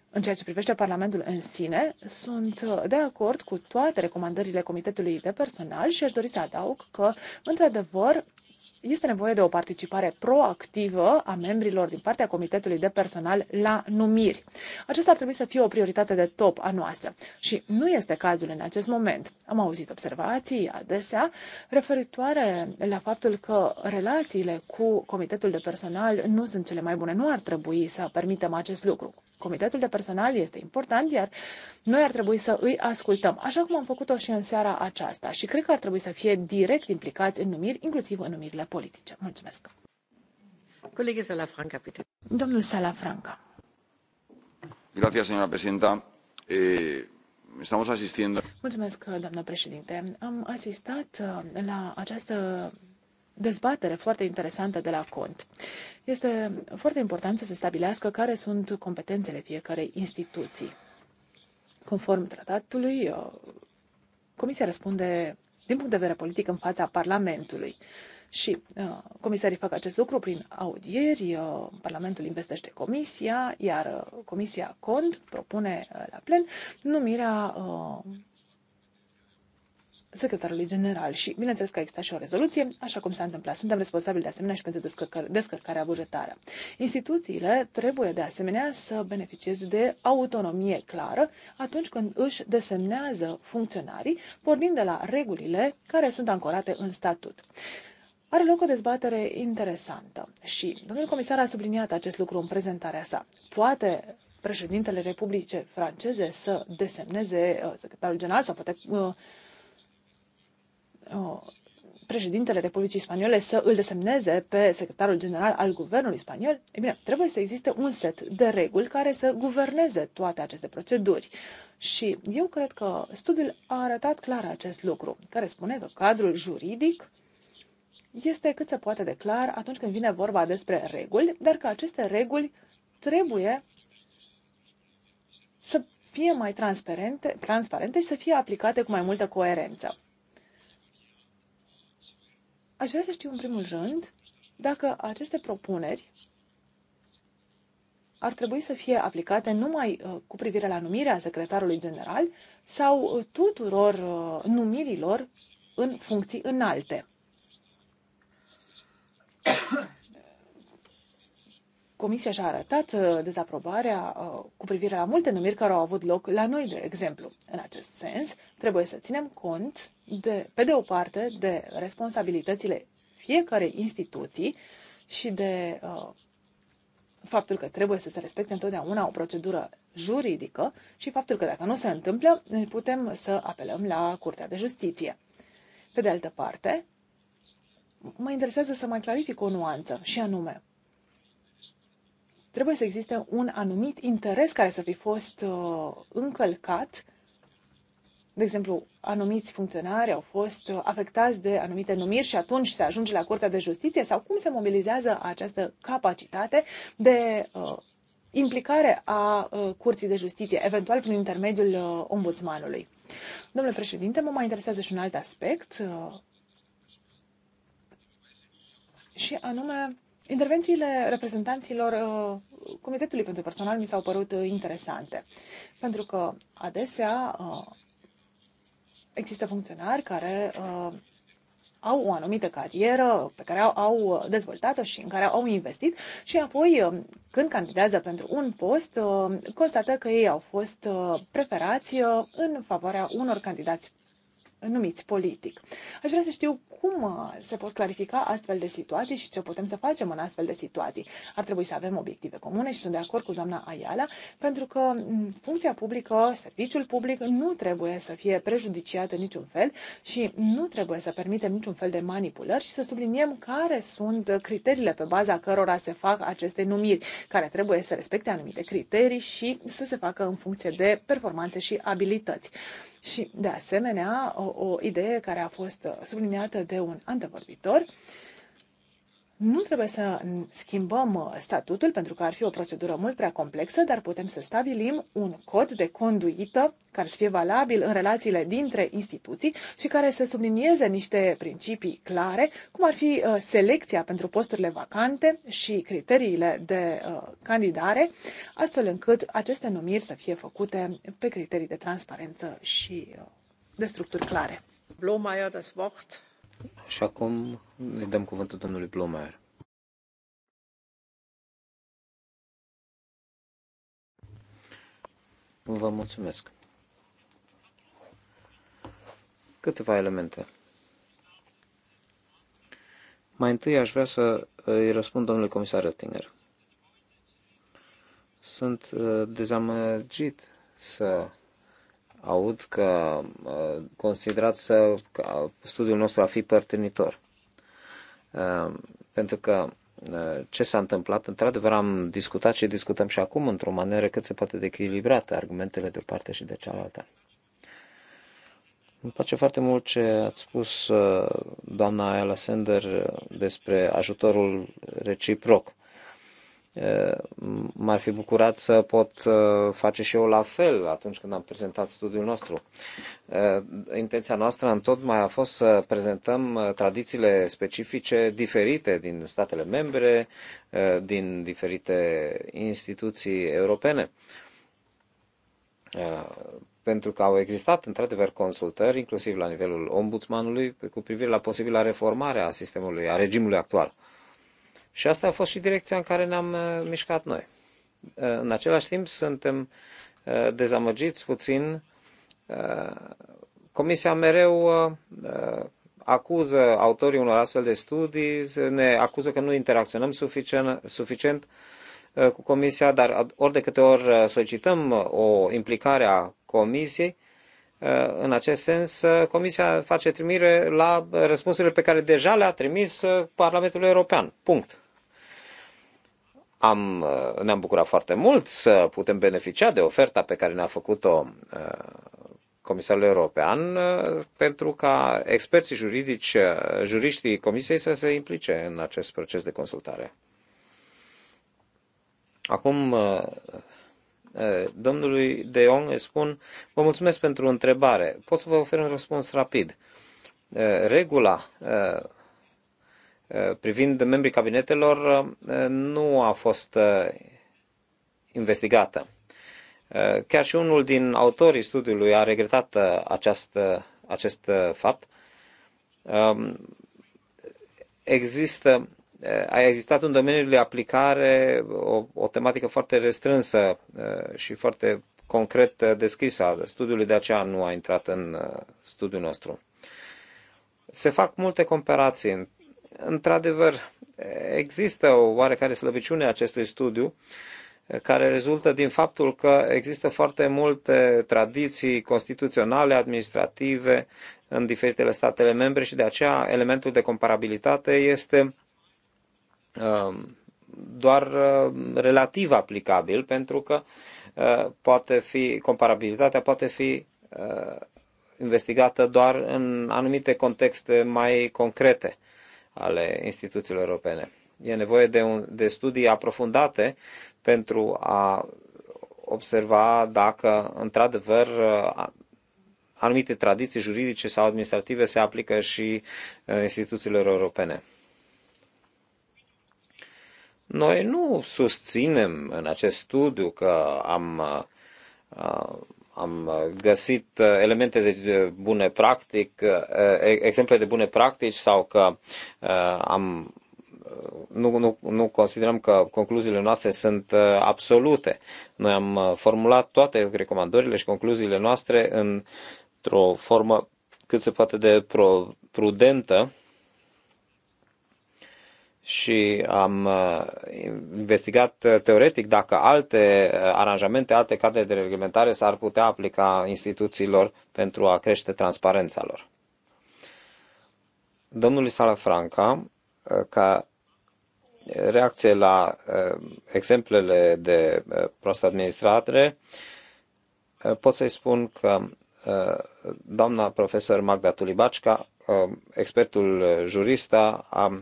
[SPEAKER 3] În ceea ce privește Parlamentul în sine, sunt uh, de acord cu toate recomandările Comitetului de Personal și aș dori să adaug că, într-adevăr, este nevoie de o participare proactivă a membrilor din partea Comitetului de Personal la numiri. Acesta ar trebui să fie o prioritate de top a noastră și nu este cazul în acest moment. Am auzit observații adesea referitoare la faptul că relațiile cu Comitetul de Personal nu sunt cele mai bune. Nu ar trebui să permitem acest lucru. Comitetul de Personal este important, iar noi ar trebui să îi ascultăm, așa cum am făcut-o și în seara aceasta și cred că ar trebui să fie direct implicați în numiri, inclusiv în numirile politice. Mulțumesc!
[SPEAKER 2] Colegii Salafranca,
[SPEAKER 3] Domnul Salafranca.
[SPEAKER 2] Gracias, señora presidenta. Eh, estamos asistiendo...
[SPEAKER 3] Mulțumesc, doamnă președinte. Am asistat uh, la această dezbatere foarte interesantă de la cont. Este foarte important să se stabilească care sunt competențele fiecarei instituții. Conform tratatului, uh, Comisia răspunde din punct de vedere politic în fața Parlamentului. Și uh, comisarii fac acest lucru prin audieri, uh, Parlamentul investește comisia, iar uh, comisia COND propune uh, la plen numirea uh, secretarului general și, bineînțeles că există și o rezoluție, așa cum s-a întâmplat. Suntem responsabili de asemenea și pentru descărcare, descărcarea bugetară. Instituțiile trebuie de asemenea să beneficieze de autonomie clară atunci când își desemnează funcționarii, pornind de la regulile care sunt ancorate în statut are loc o dezbatere interesantă și domnul comisar a subliniat acest lucru în prezentarea sa. Poate președintele Republicii franceze să desemneze uh, secretarul general sau poate uh, uh președintele Republicii Spaniole să îl desemneze pe secretarul general al guvernului spaniol, e bine, trebuie să existe un set de reguli care să guverneze toate aceste proceduri. Și eu cred că studiul a arătat clar acest lucru, care spune că cadrul juridic uh, este cât se poate de clar atunci când vine vorba despre reguli, dar că aceste reguli trebuie să fie mai transparente, transparente și să fie aplicate cu mai multă coerență. Aș vrea să știu în primul rând dacă aceste propuneri ar trebui să fie aplicate numai uh, cu privire la numirea secretarului general sau uh, tuturor uh, numirilor în funcții înalte. Comisia și-a arătat uh, dezaprobarea uh, cu privire la multe numiri care au avut loc la noi, de exemplu. În acest sens, trebuie să ținem cont, de, pe de o parte, de responsabilitățile fiecarei instituții și de uh, faptul că trebuie să se respecte întotdeauna o procedură juridică și faptul că dacă nu se întâmplă, putem să apelăm la Curtea de Justiție. Pe de altă parte, mă interesează să mai clarific o nuanță, și anume, trebuie să existe un anumit interes care să fi fost uh, încălcat. De exemplu, anumiți funcționari au fost uh, afectați de anumite numiri și atunci se ajunge la Curtea de Justiție sau cum se mobilizează această capacitate de uh, implicare a uh, Curții de Justiție, eventual prin intermediul uh, ombudsmanului. Domnule președinte, mă mai interesează și un alt aspect. Uh, și anume intervențiile reprezentanților uh, Comitetului pentru Personal mi s-au părut uh, interesante, pentru că adesea uh, există funcționari care uh, au o anumită carieră pe care au, au dezvoltat-o și în care au investit și apoi uh, când candidează pentru un post, uh, constată că ei au fost preferați în favoarea unor candidați numiți politic. Aș vrea să știu cum uh, se pot clarifica astfel de situații și ce putem să facem în astfel de situații. Ar trebui să avem obiective comune și sunt de acord cu doamna Ayala, pentru că mm, funcția publică, serviciul public nu trebuie să fie prejudiciat în niciun fel și nu trebuie să permitem niciun fel de manipulări și să subliniem care sunt criteriile pe baza cărora se fac aceste numiri, care trebuie să respecte anumite criterii și să se facă în funcție de performanțe și abilități. Și, de asemenea, o, o idee care a fost subliniată de un antevorbitor nu trebuie să schimbăm uh, statutul pentru că ar fi o procedură mult prea complexă, dar putem să stabilim un cod de conduită care să fie valabil în relațiile dintre instituții și care să sublinieze niște principii clare, cum ar fi uh, selecția pentru posturile vacante și criteriile de uh, candidare, astfel încât aceste numiri să fie făcute pe criterii de transparență și de structuri clare. Blomeyer, das Wort.
[SPEAKER 1] Și acum îi dăm cuvântul domnului Blumer. Vă mulțumesc. Câteva elemente. Mai întâi aș vrea să îi răspund domnului comisar Oettinger. Sunt uh, dezamăgit să aud că uh, considerați că uh, studiul nostru a fi părtinitor. Uh, pentru că ce s-a întâmplat, într-adevăr am discutat și discutăm și acum într-o manieră cât se poate de echilibrată argumentele de o parte și de cealaltă. Îmi place foarte mult ce ați spus, doamna Ayala Sender, despre ajutorul reciproc. Eh, m-ar fi bucurat să pot eh, face și eu la fel atunci când am prezentat studiul nostru. Eh, intenția noastră în tot mai a fost să prezentăm tradițiile specifice diferite din statele membre, din diferite instituții europene. Pentru că au existat, într-adevăr, consultări, inclusiv la nivelul ombudsmanului, cu privire la posibila reformare a sistemului, a regimului actual. Și asta a fost și direcția în care ne-am uh, mișcat noi. Uh, în același timp, suntem uh, dezamăgiți puțin. Comisia mereu acuză autorii unor astfel de studii, ne acuză că nu interacționăm suficient, suficient cu Comisia, dar ori de câte ori solicităm o implicare a Comisiei, în acest sens, Comisia face trimire la răspunsurile pe care deja le-a trimis Parlamentul European. Punct. Am, uh, ne-am bucurat foarte mult să putem beneficia de oferta pe care ne-a făcut-o uh, Comisarul European uh, pentru ca experții juridici, juriștii Comisiei să se implice în acest proces de consultare. Acum, domnului De Jong îi spun, vă mulțumesc pentru întrebare. Pot să vă ofer un răspuns rapid. Regula Eh, privind membrii cabinetelor eh, nu a fost eh, investigată. Chiar și unul din autorii studiului a regretat acest, acest fapt. Ehm, există, a existat în domeniul de aplicare o, o tematică foarte restrânsă și foarte concret descrisă a studiului, de aceea nu a intrat în studiul nostru. Se fac multe comparații Într-adevăr, există o oarecare slăbiciune a acestui studiu, care rezultă din faptul că există foarte multe tradiții constituționale, administrative în diferitele statele membre și de aceea elementul de comparabilitate este um, doar um, relativ aplicabil pentru că uh, poate fi, comparabilitatea poate fi uh, investigată doar în anumite contexte mai concrete ale instituțiilor europene. E nevoie de, un, de studii aprofundate pentru a observa dacă, într-adevăr, anumite tradiții juridice sau administrative se aplică și instituțiilor europene. Noi nu susținem în acest studiu că am am uh, găsit uh, elemente de bune practic, uh, exemple de bune practici sau că am nu, nu, nu considerăm că concluziile noastre sunt absolute. Noi am formulat toate recomandările și concluziile noastre într-o formă cât se poate de prudentă, și am uh, investigat uh, teoretic dacă alte uh, aranjamente, alte cadre de reglementare s-ar putea aplica instituțiilor pentru a crește transparența lor. Domnului Salafranca, ca reacție la exemplele de prost administrare, pot să-i spun că doamna profesor Magda Tulibacca, expertul jurista, a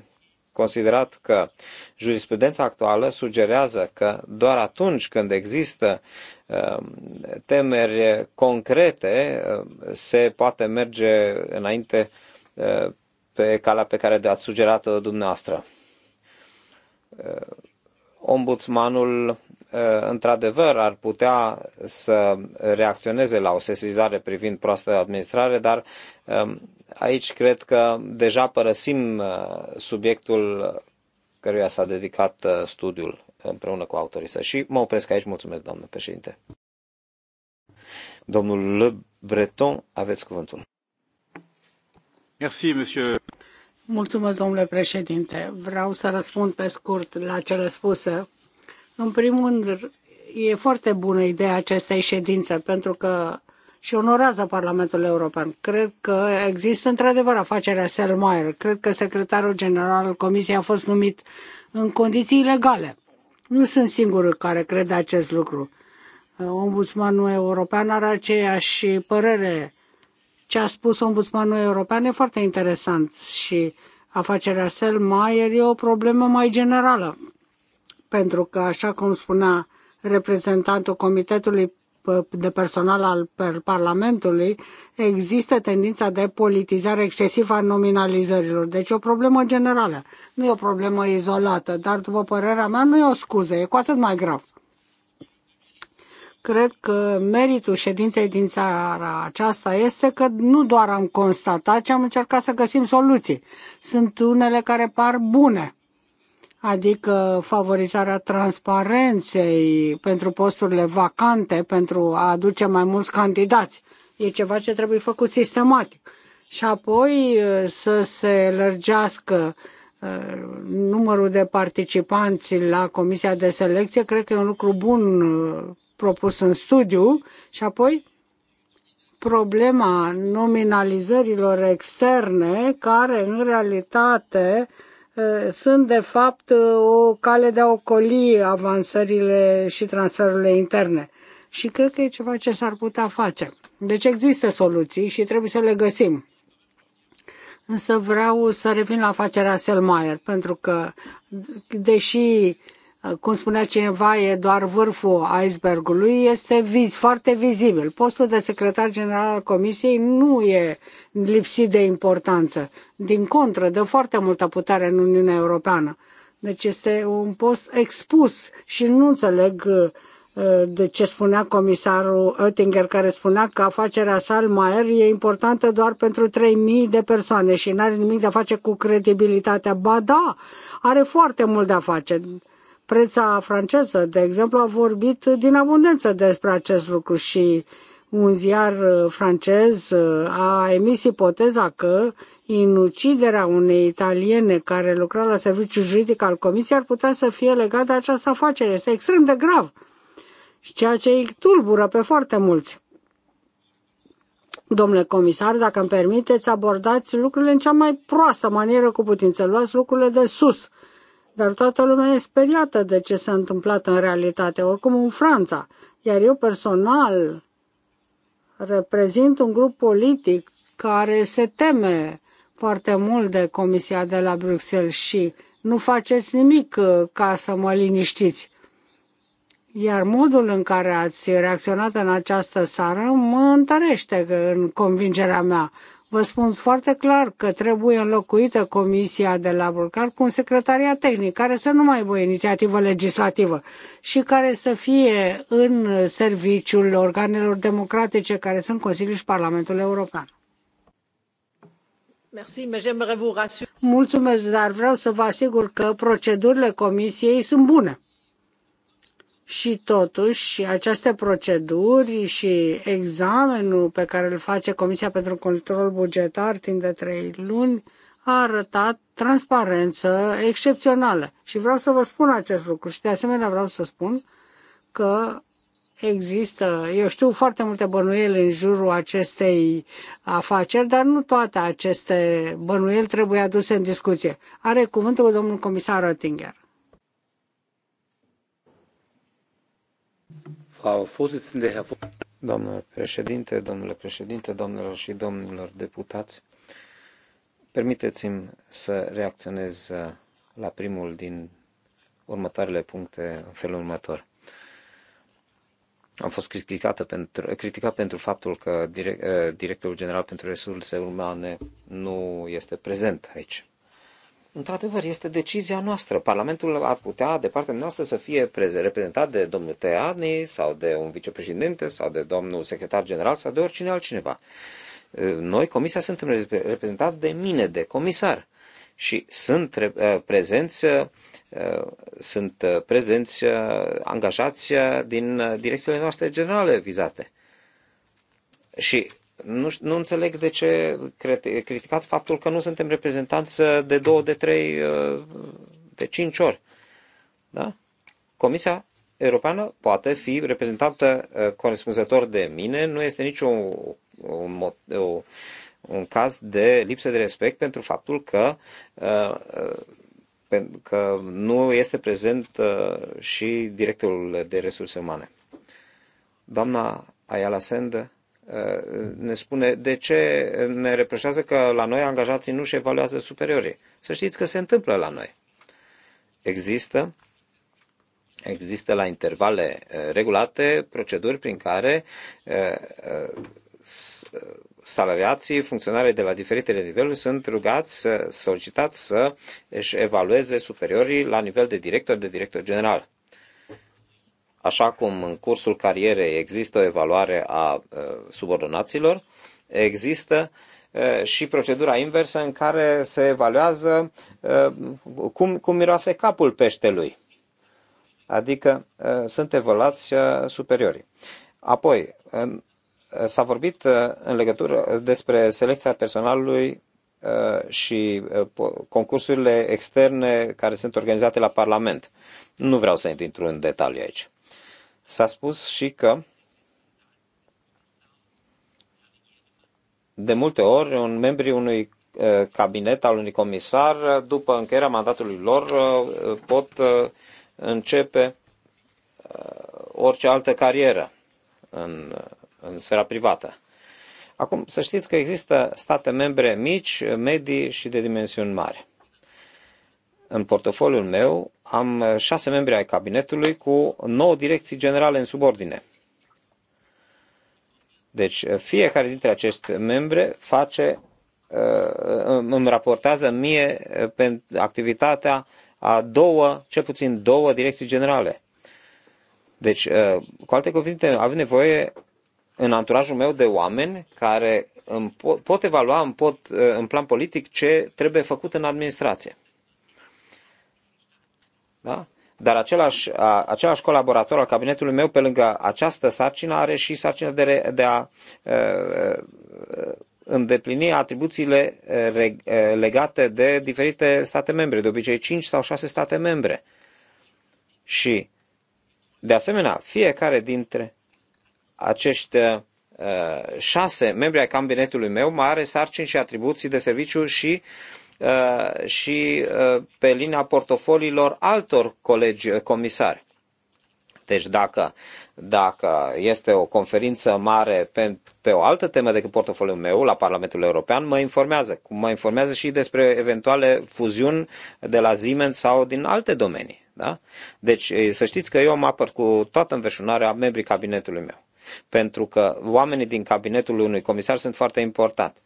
[SPEAKER 1] considerat că jurisprudența actuală sugerează că doar atunci când există um, temeri concrete um, se poate merge înainte uh, pe calea pe care ați sugerat-o dumneavoastră uh, ombudsmanul uh, într-adevăr ar putea să reacționeze la o sesizare privind proastă administrare, dar um, aici cred că deja părăsim uh, subiectul căruia s-a dedicat uh, studiul împreună cu autorii săi. Și mă opresc aici. Mulțumesc, doamnă președinte. Domnul Le Breton, aveți cuvântul. Merci, monsieur.
[SPEAKER 2] Mulțumesc, domnule președinte. Vreau să răspund pe scurt la cele spuse. În primul rând, e foarte bună ideea acestei ședințe, pentru că și onorează Parlamentul European. Cred că există într-adevăr afacerea Selmayr. Cred că secretarul general al Comisiei a fost numit în condiții ilegale. Nu sunt singurul care crede acest lucru. Ombudsmanul european are aceeași părere ce a spus ombudsmanul european e foarte interesant și afacerea Selmayr e o problemă mai generală. Pentru că, așa cum spunea reprezentantul Comitetului uh, de personal al Parlamentului, există tendința de politizare excesivă a nominalizărilor. Deci e o problemă generală, nu e o problemă izolată, dar după părerea mea nu e o scuză, e cu atât mai grav. Cred că meritul ședinței din țara aceasta este că nu doar am constatat, ci am încercat să găsim soluții. Sunt unele care par bune, adică favorizarea transparenței pentru posturile vacante, pentru a aduce mai mulți candidați. E ceva ce trebuie făcut sistematic. Și apoi uh, să se lărgească Uh, numărul de participanți la comisia de selecție, cred că e un lucru bun uh, propus în studiu și apoi problema nominalizărilor externe care în realitate uh, sunt de fapt o cale de a ocoli avansările și transferurile interne. Și cred că e ceva ce s-ar putea face. Deci există soluții și trebuie să le găsim. Însă vreau să revin la afacerea Selmayr, pentru că, deși, cum spunea cineva, e doar vârful icebergului, este viz, foarte vizibil. Postul de secretar general al Comisiei nu e lipsit de importanță. Din contră, dă foarte multă putere în Uniunea Europeană. Deci este un post expus și nu înțeleg uh, Eh, de ce spunea comisarul Oettinger, care spunea că afacerea Salmaer e importantă doar pentru 3.000 de persoane și nu are nimic de a face cu credibilitatea. Ba da, are foarte mult de a face. Preța franceză, de exemplu, a vorbit din abundență despre acest lucru și un ziar eh, francez eh, a emis ipoteza că inuciderea unei italiene care lucra la serviciul juridic al comisiei ar putea să fie legată de această afacere. Este extrem de grav și ceea ce îi tulbură pe foarte mulți. Domnule comisar, dacă îmi permiteți, abordați lucrurile în cea mai proastă manieră cu putință. Luați lucrurile de sus. Dar toată lumea e speriată de ce s-a întâmplat în realitate, oricum în Franța. Iar eu personal reprezint un grup politic care se teme foarte mult de Comisia de la Bruxelles și nu faceți nimic uh, ca să mă liniștiți. Iar modul în care ați reacționat în această seară mă întărește în convingerea mea. Vă spun foarte clar că trebuie înlocuită Comisia de la Burcar cu un secretariat tehnic care să nu mai aibă inițiativă legislativă și care să fie în serviciul organelor democratice care sunt Consiliul și Parlamentul European. Mulțumesc, dar vreau să vă asigur că procedurile Comisiei sunt bune și totuși aceste proceduri și examenul pe care îl face Comisia pentru Control Bugetar timp de trei luni a arătat transparență excepțională. Și vreau să vă spun acest lucru și de asemenea vreau să spun că există, eu știu, foarte multe bănuieli în jurul acestei afaceri, dar nu toate aceste bănuieli trebuie aduse în discuție. Are cuvântul domnul comisar Oettinger.
[SPEAKER 1] Frau Doamnă președinte, domnule președinte, domnilor și domnilor deputați, permiteți-mi să reacționez uh, la primul din următoarele puncte în felul următor. Am fost criticată pentru, criticat pentru faptul că direct, uh, directorul general pentru resurse umane nu este prezent aici. Într-adevăr, este decizia noastră. Parlamentul ar putea, de partea noastră, să fie reprezentat de domnul Teani sau de un vicepreședinte sau de domnul secretar general sau de oricine altcineva. Noi, comisia, suntem reprezentați de mine, de comisar. Și sunt prezenți, sunt prezenți angajați din direcțiile noastre generale vizate. Și nu, nu înțeleg de ce criticați faptul că nu suntem reprezentanți uh, de două, de trei, uh, de cinci ori. Da? Comisia Europeană poate fi reprezentată uh, corespunzător de mine, nu este niciun un, un, un caz de lipsă de respect pentru faptul că, că nu este prezent și directorul de resurse umane. Doamna Ayala Sende Uh, ne spune de ce ne reproșează că la noi angajații nu își evaluează superiorii. Să știți că se întâmplă la noi. Există există la intervale uh, regulate proceduri prin care uh, salariații, funcționarii de la diferitele niveluri sunt rugați, solicitați să își evalueze superiorii la nivel de director, de director general așa cum în cursul carierei există o evaluare a subordonaților, există și procedura inversă în care se evaluează cum, cum miroase capul peștelui. Adică sunt evaluați superiorii. Apoi, s-a vorbit în legătură despre selecția personalului și concursurile externe care sunt organizate la Parlament. Nu vreau să intru în detalii aici. S-a spus și că de multe ori un membru unui uh, cabinet al unui comisar, uh, după încheierea mandatului lor, uh, pot începe orice altă carieră în, în sfera privată. Acum, să știți că există state membre mici, medii și de dimensiuni mari în portofoliul meu am eh, șase membri ai cabinetului cu nouă direcții generale în subordine. Deci eh, fiecare dintre acești membre face, eh, îmi raportează mie pentru activitatea a două, cel puțin două direcții generale. Deci, cu alte cuvinte, avem nevoie în anturajul meu de oameni care îmi pot, pot evalua îmi pot, în plan politic ce trebuie făcut în administrație. Da? Dar același, a, același colaborator al cabinetului meu, pe lângă această sarcină, are și sarcina de, de a, e, îndeplini atribuțiile legate de diferite state membre, de obicei 5 sau 6 state membre. Și, de asemenea, fiecare dintre acești șase membri ai cabinetului meu mai are sarcini și atribuții de serviciu și uh, Uh, și uh, pe linia portofoliilor altor colegi uh, comisari. Deci dacă, dacă este o conferință mare pe, pe o altă temă decât portofoliul meu la Parlamentul European, mă informează. mă informează și despre eventuale fuziuni de la Siemens sau din alte domenii. Da? Deci eh, să știți că eu mă apăr cu toată înveșunarea membrii cabinetului meu. Pentru că oamenii din cabinetul unui comisar sunt foarte importanti.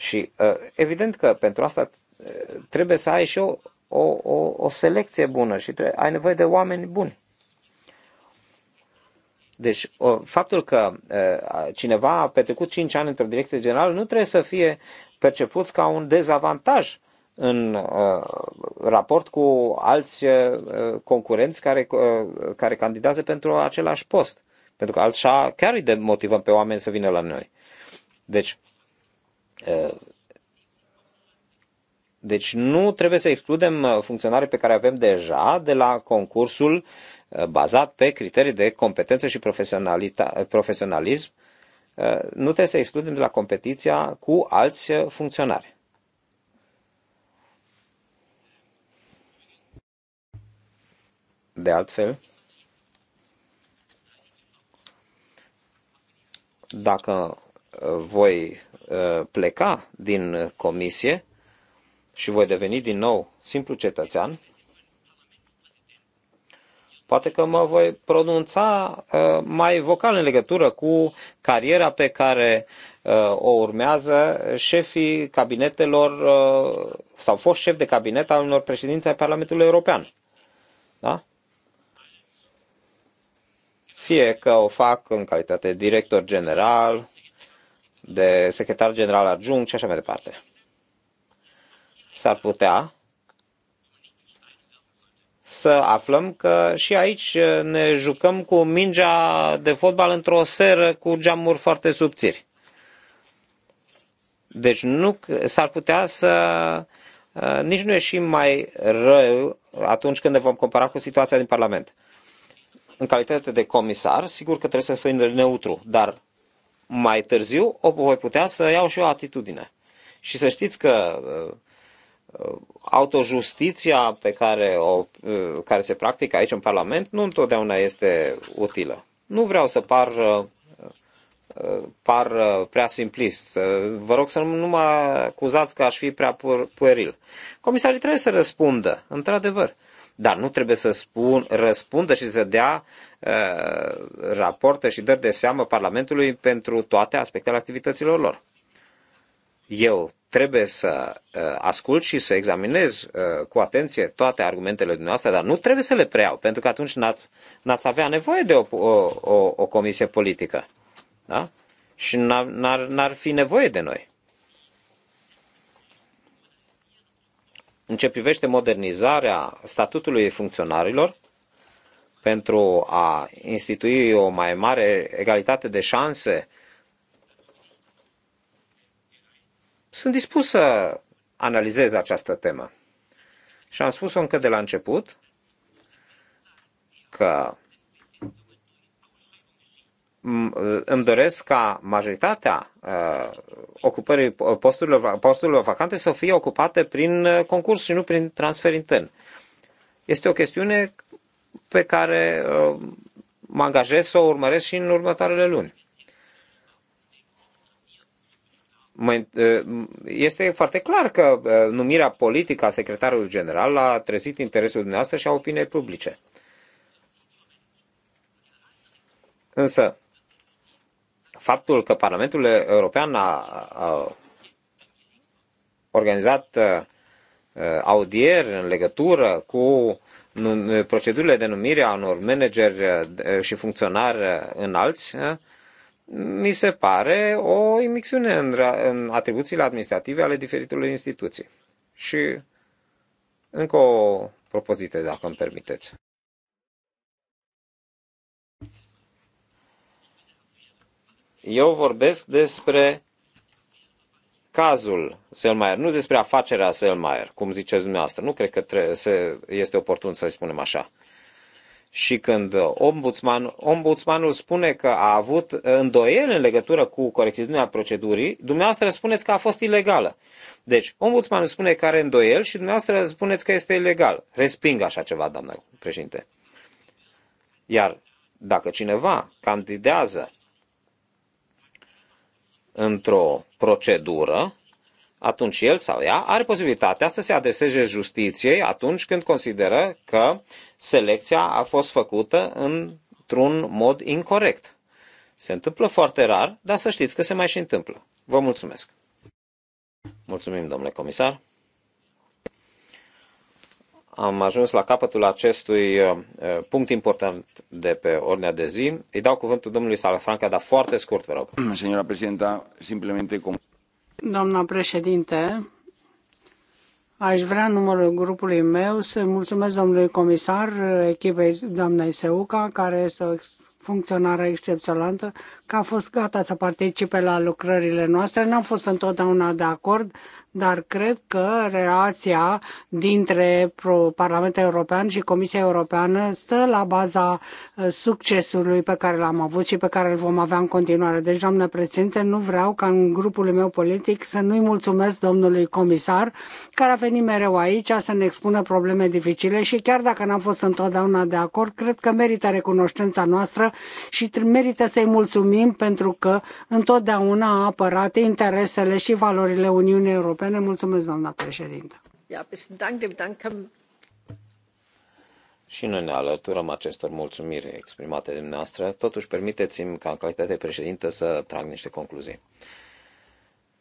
[SPEAKER 1] Și ă, evident că pentru asta ă, trebuie să ai și o, o, o, o selecție bună și trebuie, ai nevoie de oameni buni. Deci, ă, faptul că cineva a petrecut 5 ani într-o direcție generală nu trebuie să fie perceput ca un dezavantaj în raport cu alți concurenți care, care candidează pentru același post. Pentru că altfel chiar îi demotivăm pe oameni să vină la noi. Deci, Uh, deci nu trebuie să excludem uh, funcționarii pe care avem deja de la concursul uh, bazat pe criterii de competență și profesionalism. Nu trebuie să excludem de la competiția cu alți funcționari. De altfel, dacă voi Uh, pleca din comisie și voi deveni din nou simplu cetățean, poate că mă voi pronunța uh, mai vocal în legătură cu cariera pe care uh, o urmează șefii cabinetelor sau fost șef de cabinet al unor președinți ai Parlamentului European. Da? Fie că o fac în calitate de director general de secretar general adjunct și așa mai departe. S-ar putea să aflăm că și aici ne jucăm cu mingea de fotbal într-o seră cu geamuri foarte subțiri. Deci nu s-ar putea să uh, nici nu ieșim mai rău atunci când ne vom compara cu situația din Parlament. În calitate de comisar, sigur că trebuie să fim neutru, dar mai târziu o voi putea să iau și o atitudine. Și să știți că uh, uh, autojustiția pe care, o, uh, care se practică aici în Parlament nu întotdeauna este utilă. Nu vreau să par, par prea simplist. Vă rog să nu mă acuzați că aș fi prea pueril. Comisarii trebuie să răspundă, într-adevăr dar nu trebuie să spun, răspundă și să dea uh, rapoarte și dări de seamă Parlamentului pentru toate aspectele activităților lor. Eu trebuie să uh, ascult și să examinez uh, cu atenție toate argumentele dumneavoastră, dar nu trebuie să le preiau, pentru că atunci n-ați, n-ați avea nevoie de o, o, o, o comisie politică. Da? Și n-ar, n-ar fi nevoie de noi. în ce privește modernizarea statutului funcționarilor pentru a institui o mai mare egalitate de șanse, sunt dispus să analizez această temă. Și am spus-o încă de la început că Uh, îmi doresc ca majoritatea uh, ocupării uh, posturilor, posturilor vacante să fie ocupate prin concurs și nu prin transfer intern. Este o chestiune pe care mă angajez să o urmăresc și în următoarele luni. Este foarte clar că numirea politică a secretarului general a trezit interesul dumneavoastră și a opiniei publice. Însă, faptul că Parlamentul European a, a organizat uh, uh, audieri în legătură cu procedurile de numire a unor manageri uh, și funcționari înalți, mi se pare o imixiune în, în atribuțiile administrative ale diferitelor instituții. Și încă o propoziție, dacă îmi permiteți. Eu vorbesc despre cazul Selmayr, nu despre afacerea Selmayr, cum ziceți dumneavoastră. Nu cred că trebuie este oportun să-i spunem așa. Și când ombudsman, ombudsmanul spune că a avut îndoieli în legătură cu corectitudinea procedurii, dumneavoastră spuneți că a fost ilegală. Deci, ombudsmanul spune că are îndoieli și dumneavoastră spuneți că este ilegal. Resping așa ceva, doamnă președinte. Iar dacă cineva candidează într-o procedură, atunci el sau ea are posibilitatea să se adreseze justiției atunci când consideră că selecția a fost făcută într-un mod incorrect. Se întâmplă foarte rar, dar să știți că se mai și întâmplă. Vă mulțumesc! Mulțumim, domnule comisar! am ajuns la capătul acestui uh, uh, punct important de pe ordinea de zi. Îi dau cuvântul domnului Salafranca, dar foarte scurt, vă rog. Senora
[SPEAKER 2] președinta, simplemente... Com- Doamna președinte, aș vrea numărul grupului meu să mulțumesc domnului comisar, echipei doamnei Seuca, care este o funcționară excepțională, că a fost gata să participe la lucrările noastre. N-am fost întotdeauna de acord, dar cred că relația dintre Parlamentul European și Comisia Europeană stă la baza uh, succesului pe care l-am avut și pe care îl vom avea în continuare. Deci, doamnă președinte, nu vreau ca în grupul meu politic să nu-i mulțumesc domnului comisar, care a venit mereu aici să ne expună probleme dificile și chiar dacă n-am fost întotdeauna de acord, cred că merită recunoștința noastră și merită să-i mulțumim pentru că întotdeauna a apărat interesele și valorile Uniunii Europene. Mulțumesc, doamna președintă.
[SPEAKER 1] Și noi ne alăturăm acestor mulțumiri exprimate de dumneavoastră. Totuși, permiteți-mi ca în calitate de președintă să trag niște concluzii.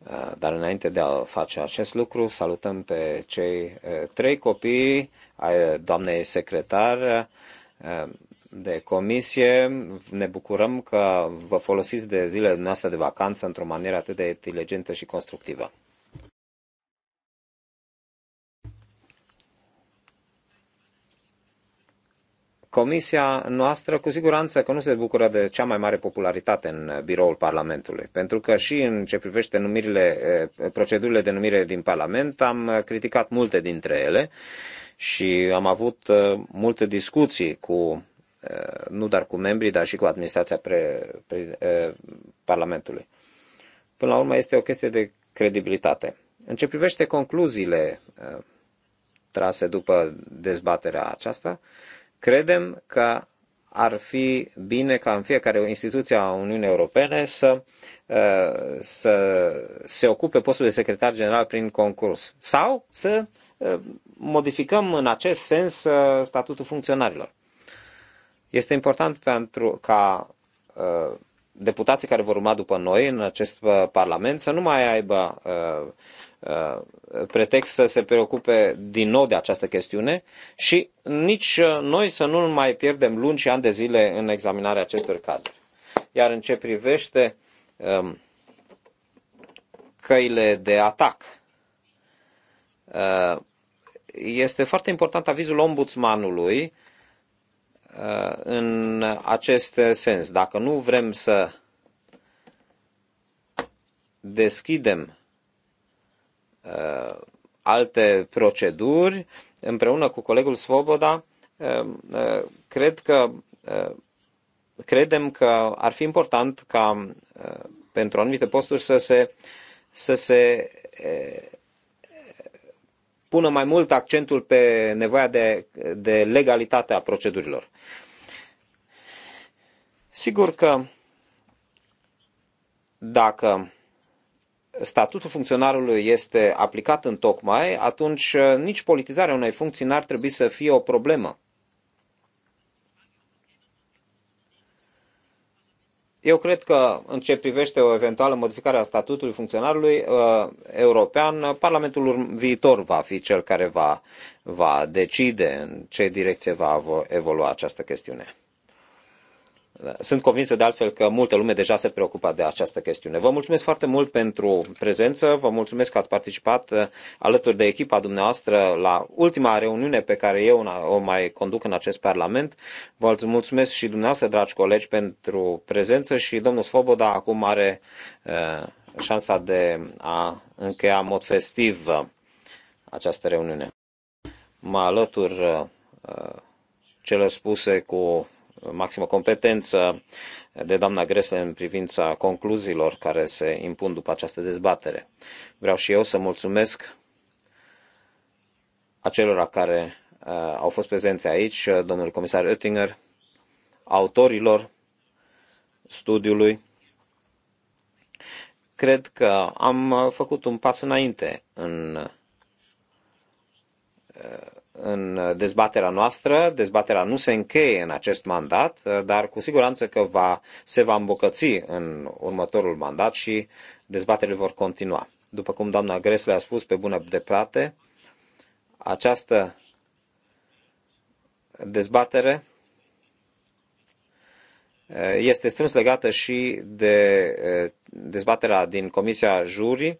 [SPEAKER 1] Uh, dar înainte de a face acest lucru, salutăm pe cei uh, trei copii ai doamnei secretar, uh, de comisie. Ne bucurăm că vă folosiți de zilele noastre de vacanță într-o manieră atât de inteligentă și constructivă. Comisia noastră cu siguranță că nu se bucură de cea mai mare popularitate în biroul Parlamentului, pentru că și în ce privește numirile, eh, procedurile de numire din Parlament am criticat multe dintre ele și am avut eh, multe discuții cu Eh, nu doar cu membrii, dar și cu administrația pre, pre, eh, Parlamentului. Până la urmă, este o chestie de credibilitate. În ce privește concluziile eh, trase după dezbaterea aceasta, credem că ar fi bine ca în fiecare instituție a Uniunii Europene să, să se ocupe postul de secretar general prin concurs sau să modificăm în acest sens statutul funcționarilor. Este important pentru ca uh, deputații care vor urma după noi în acest uh, Parlament să nu mai aibă uh, uh, pretext să se preocupe din nou de această chestiune și nici uh, noi să nu mai pierdem luni și ani de zile în examinarea acestor cazuri. Iar în ce privește um, căile de atac, uh, este foarte important avizul ombudsmanului Uh, în acest sens. Dacă nu vrem să deschidem uh, alte proceduri, împreună cu colegul Svoboda, uh, cred că credem că ar fi important ca pentru anumite posturi să se, să se pună mai mult accentul pe nevoia de, de legalitate a procedurilor. Sigur că dacă statutul funcționarului este aplicat în tocmai, atunci uh, nici politizarea unei funcții n-ar trebui să fie o problemă. Eu cred că în ce privește o eventuală modificare a statutului funcționarului uh, european, Parlamentul viitor va fi cel care va, va decide în ce direcție va evolua această chestiune. Sunt convinsă de altfel că multă lume deja se preocupă de această chestiune. Vă mulțumesc foarte mult pentru prezență, vă mulțumesc că ați participat uh, alături de echipa dumneavoastră la ultima reuniune pe care eu o mai conduc în acest Parlament. Vă mulțumesc și dumneavoastră, dragi colegi, pentru prezență și domnul Svoboda acum are uh, șansa de a încheia în mod festiv uh, această reuniune. Mă alătur celor spuse cu maximă competență de doamna Gresle în privința concluziilor care se impun după această dezbatere. Vreau și eu să mulțumesc acelora care uh, au fost prezenți aici, domnul comisar Oettinger, autorilor studiului. Cred că am făcut un pas înainte în uh, în dezbaterea noastră. Dezbaterea nu se încheie în acest mandat, dar cu siguranță că va, se va îmbocăți în următorul mandat și dezbaterile vor continua. După cum doamna le a spus pe bună dreptate, această dezbatere este strâns legată și de dezbaterea din Comisia Juri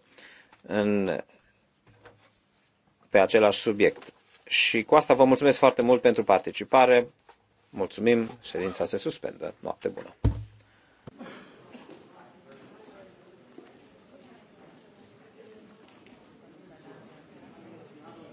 [SPEAKER 1] în, pe același subiect. Și cu asta vă mulțumesc foarte mult pentru participare. Mulțumim, ședința se suspendă. Noapte bună!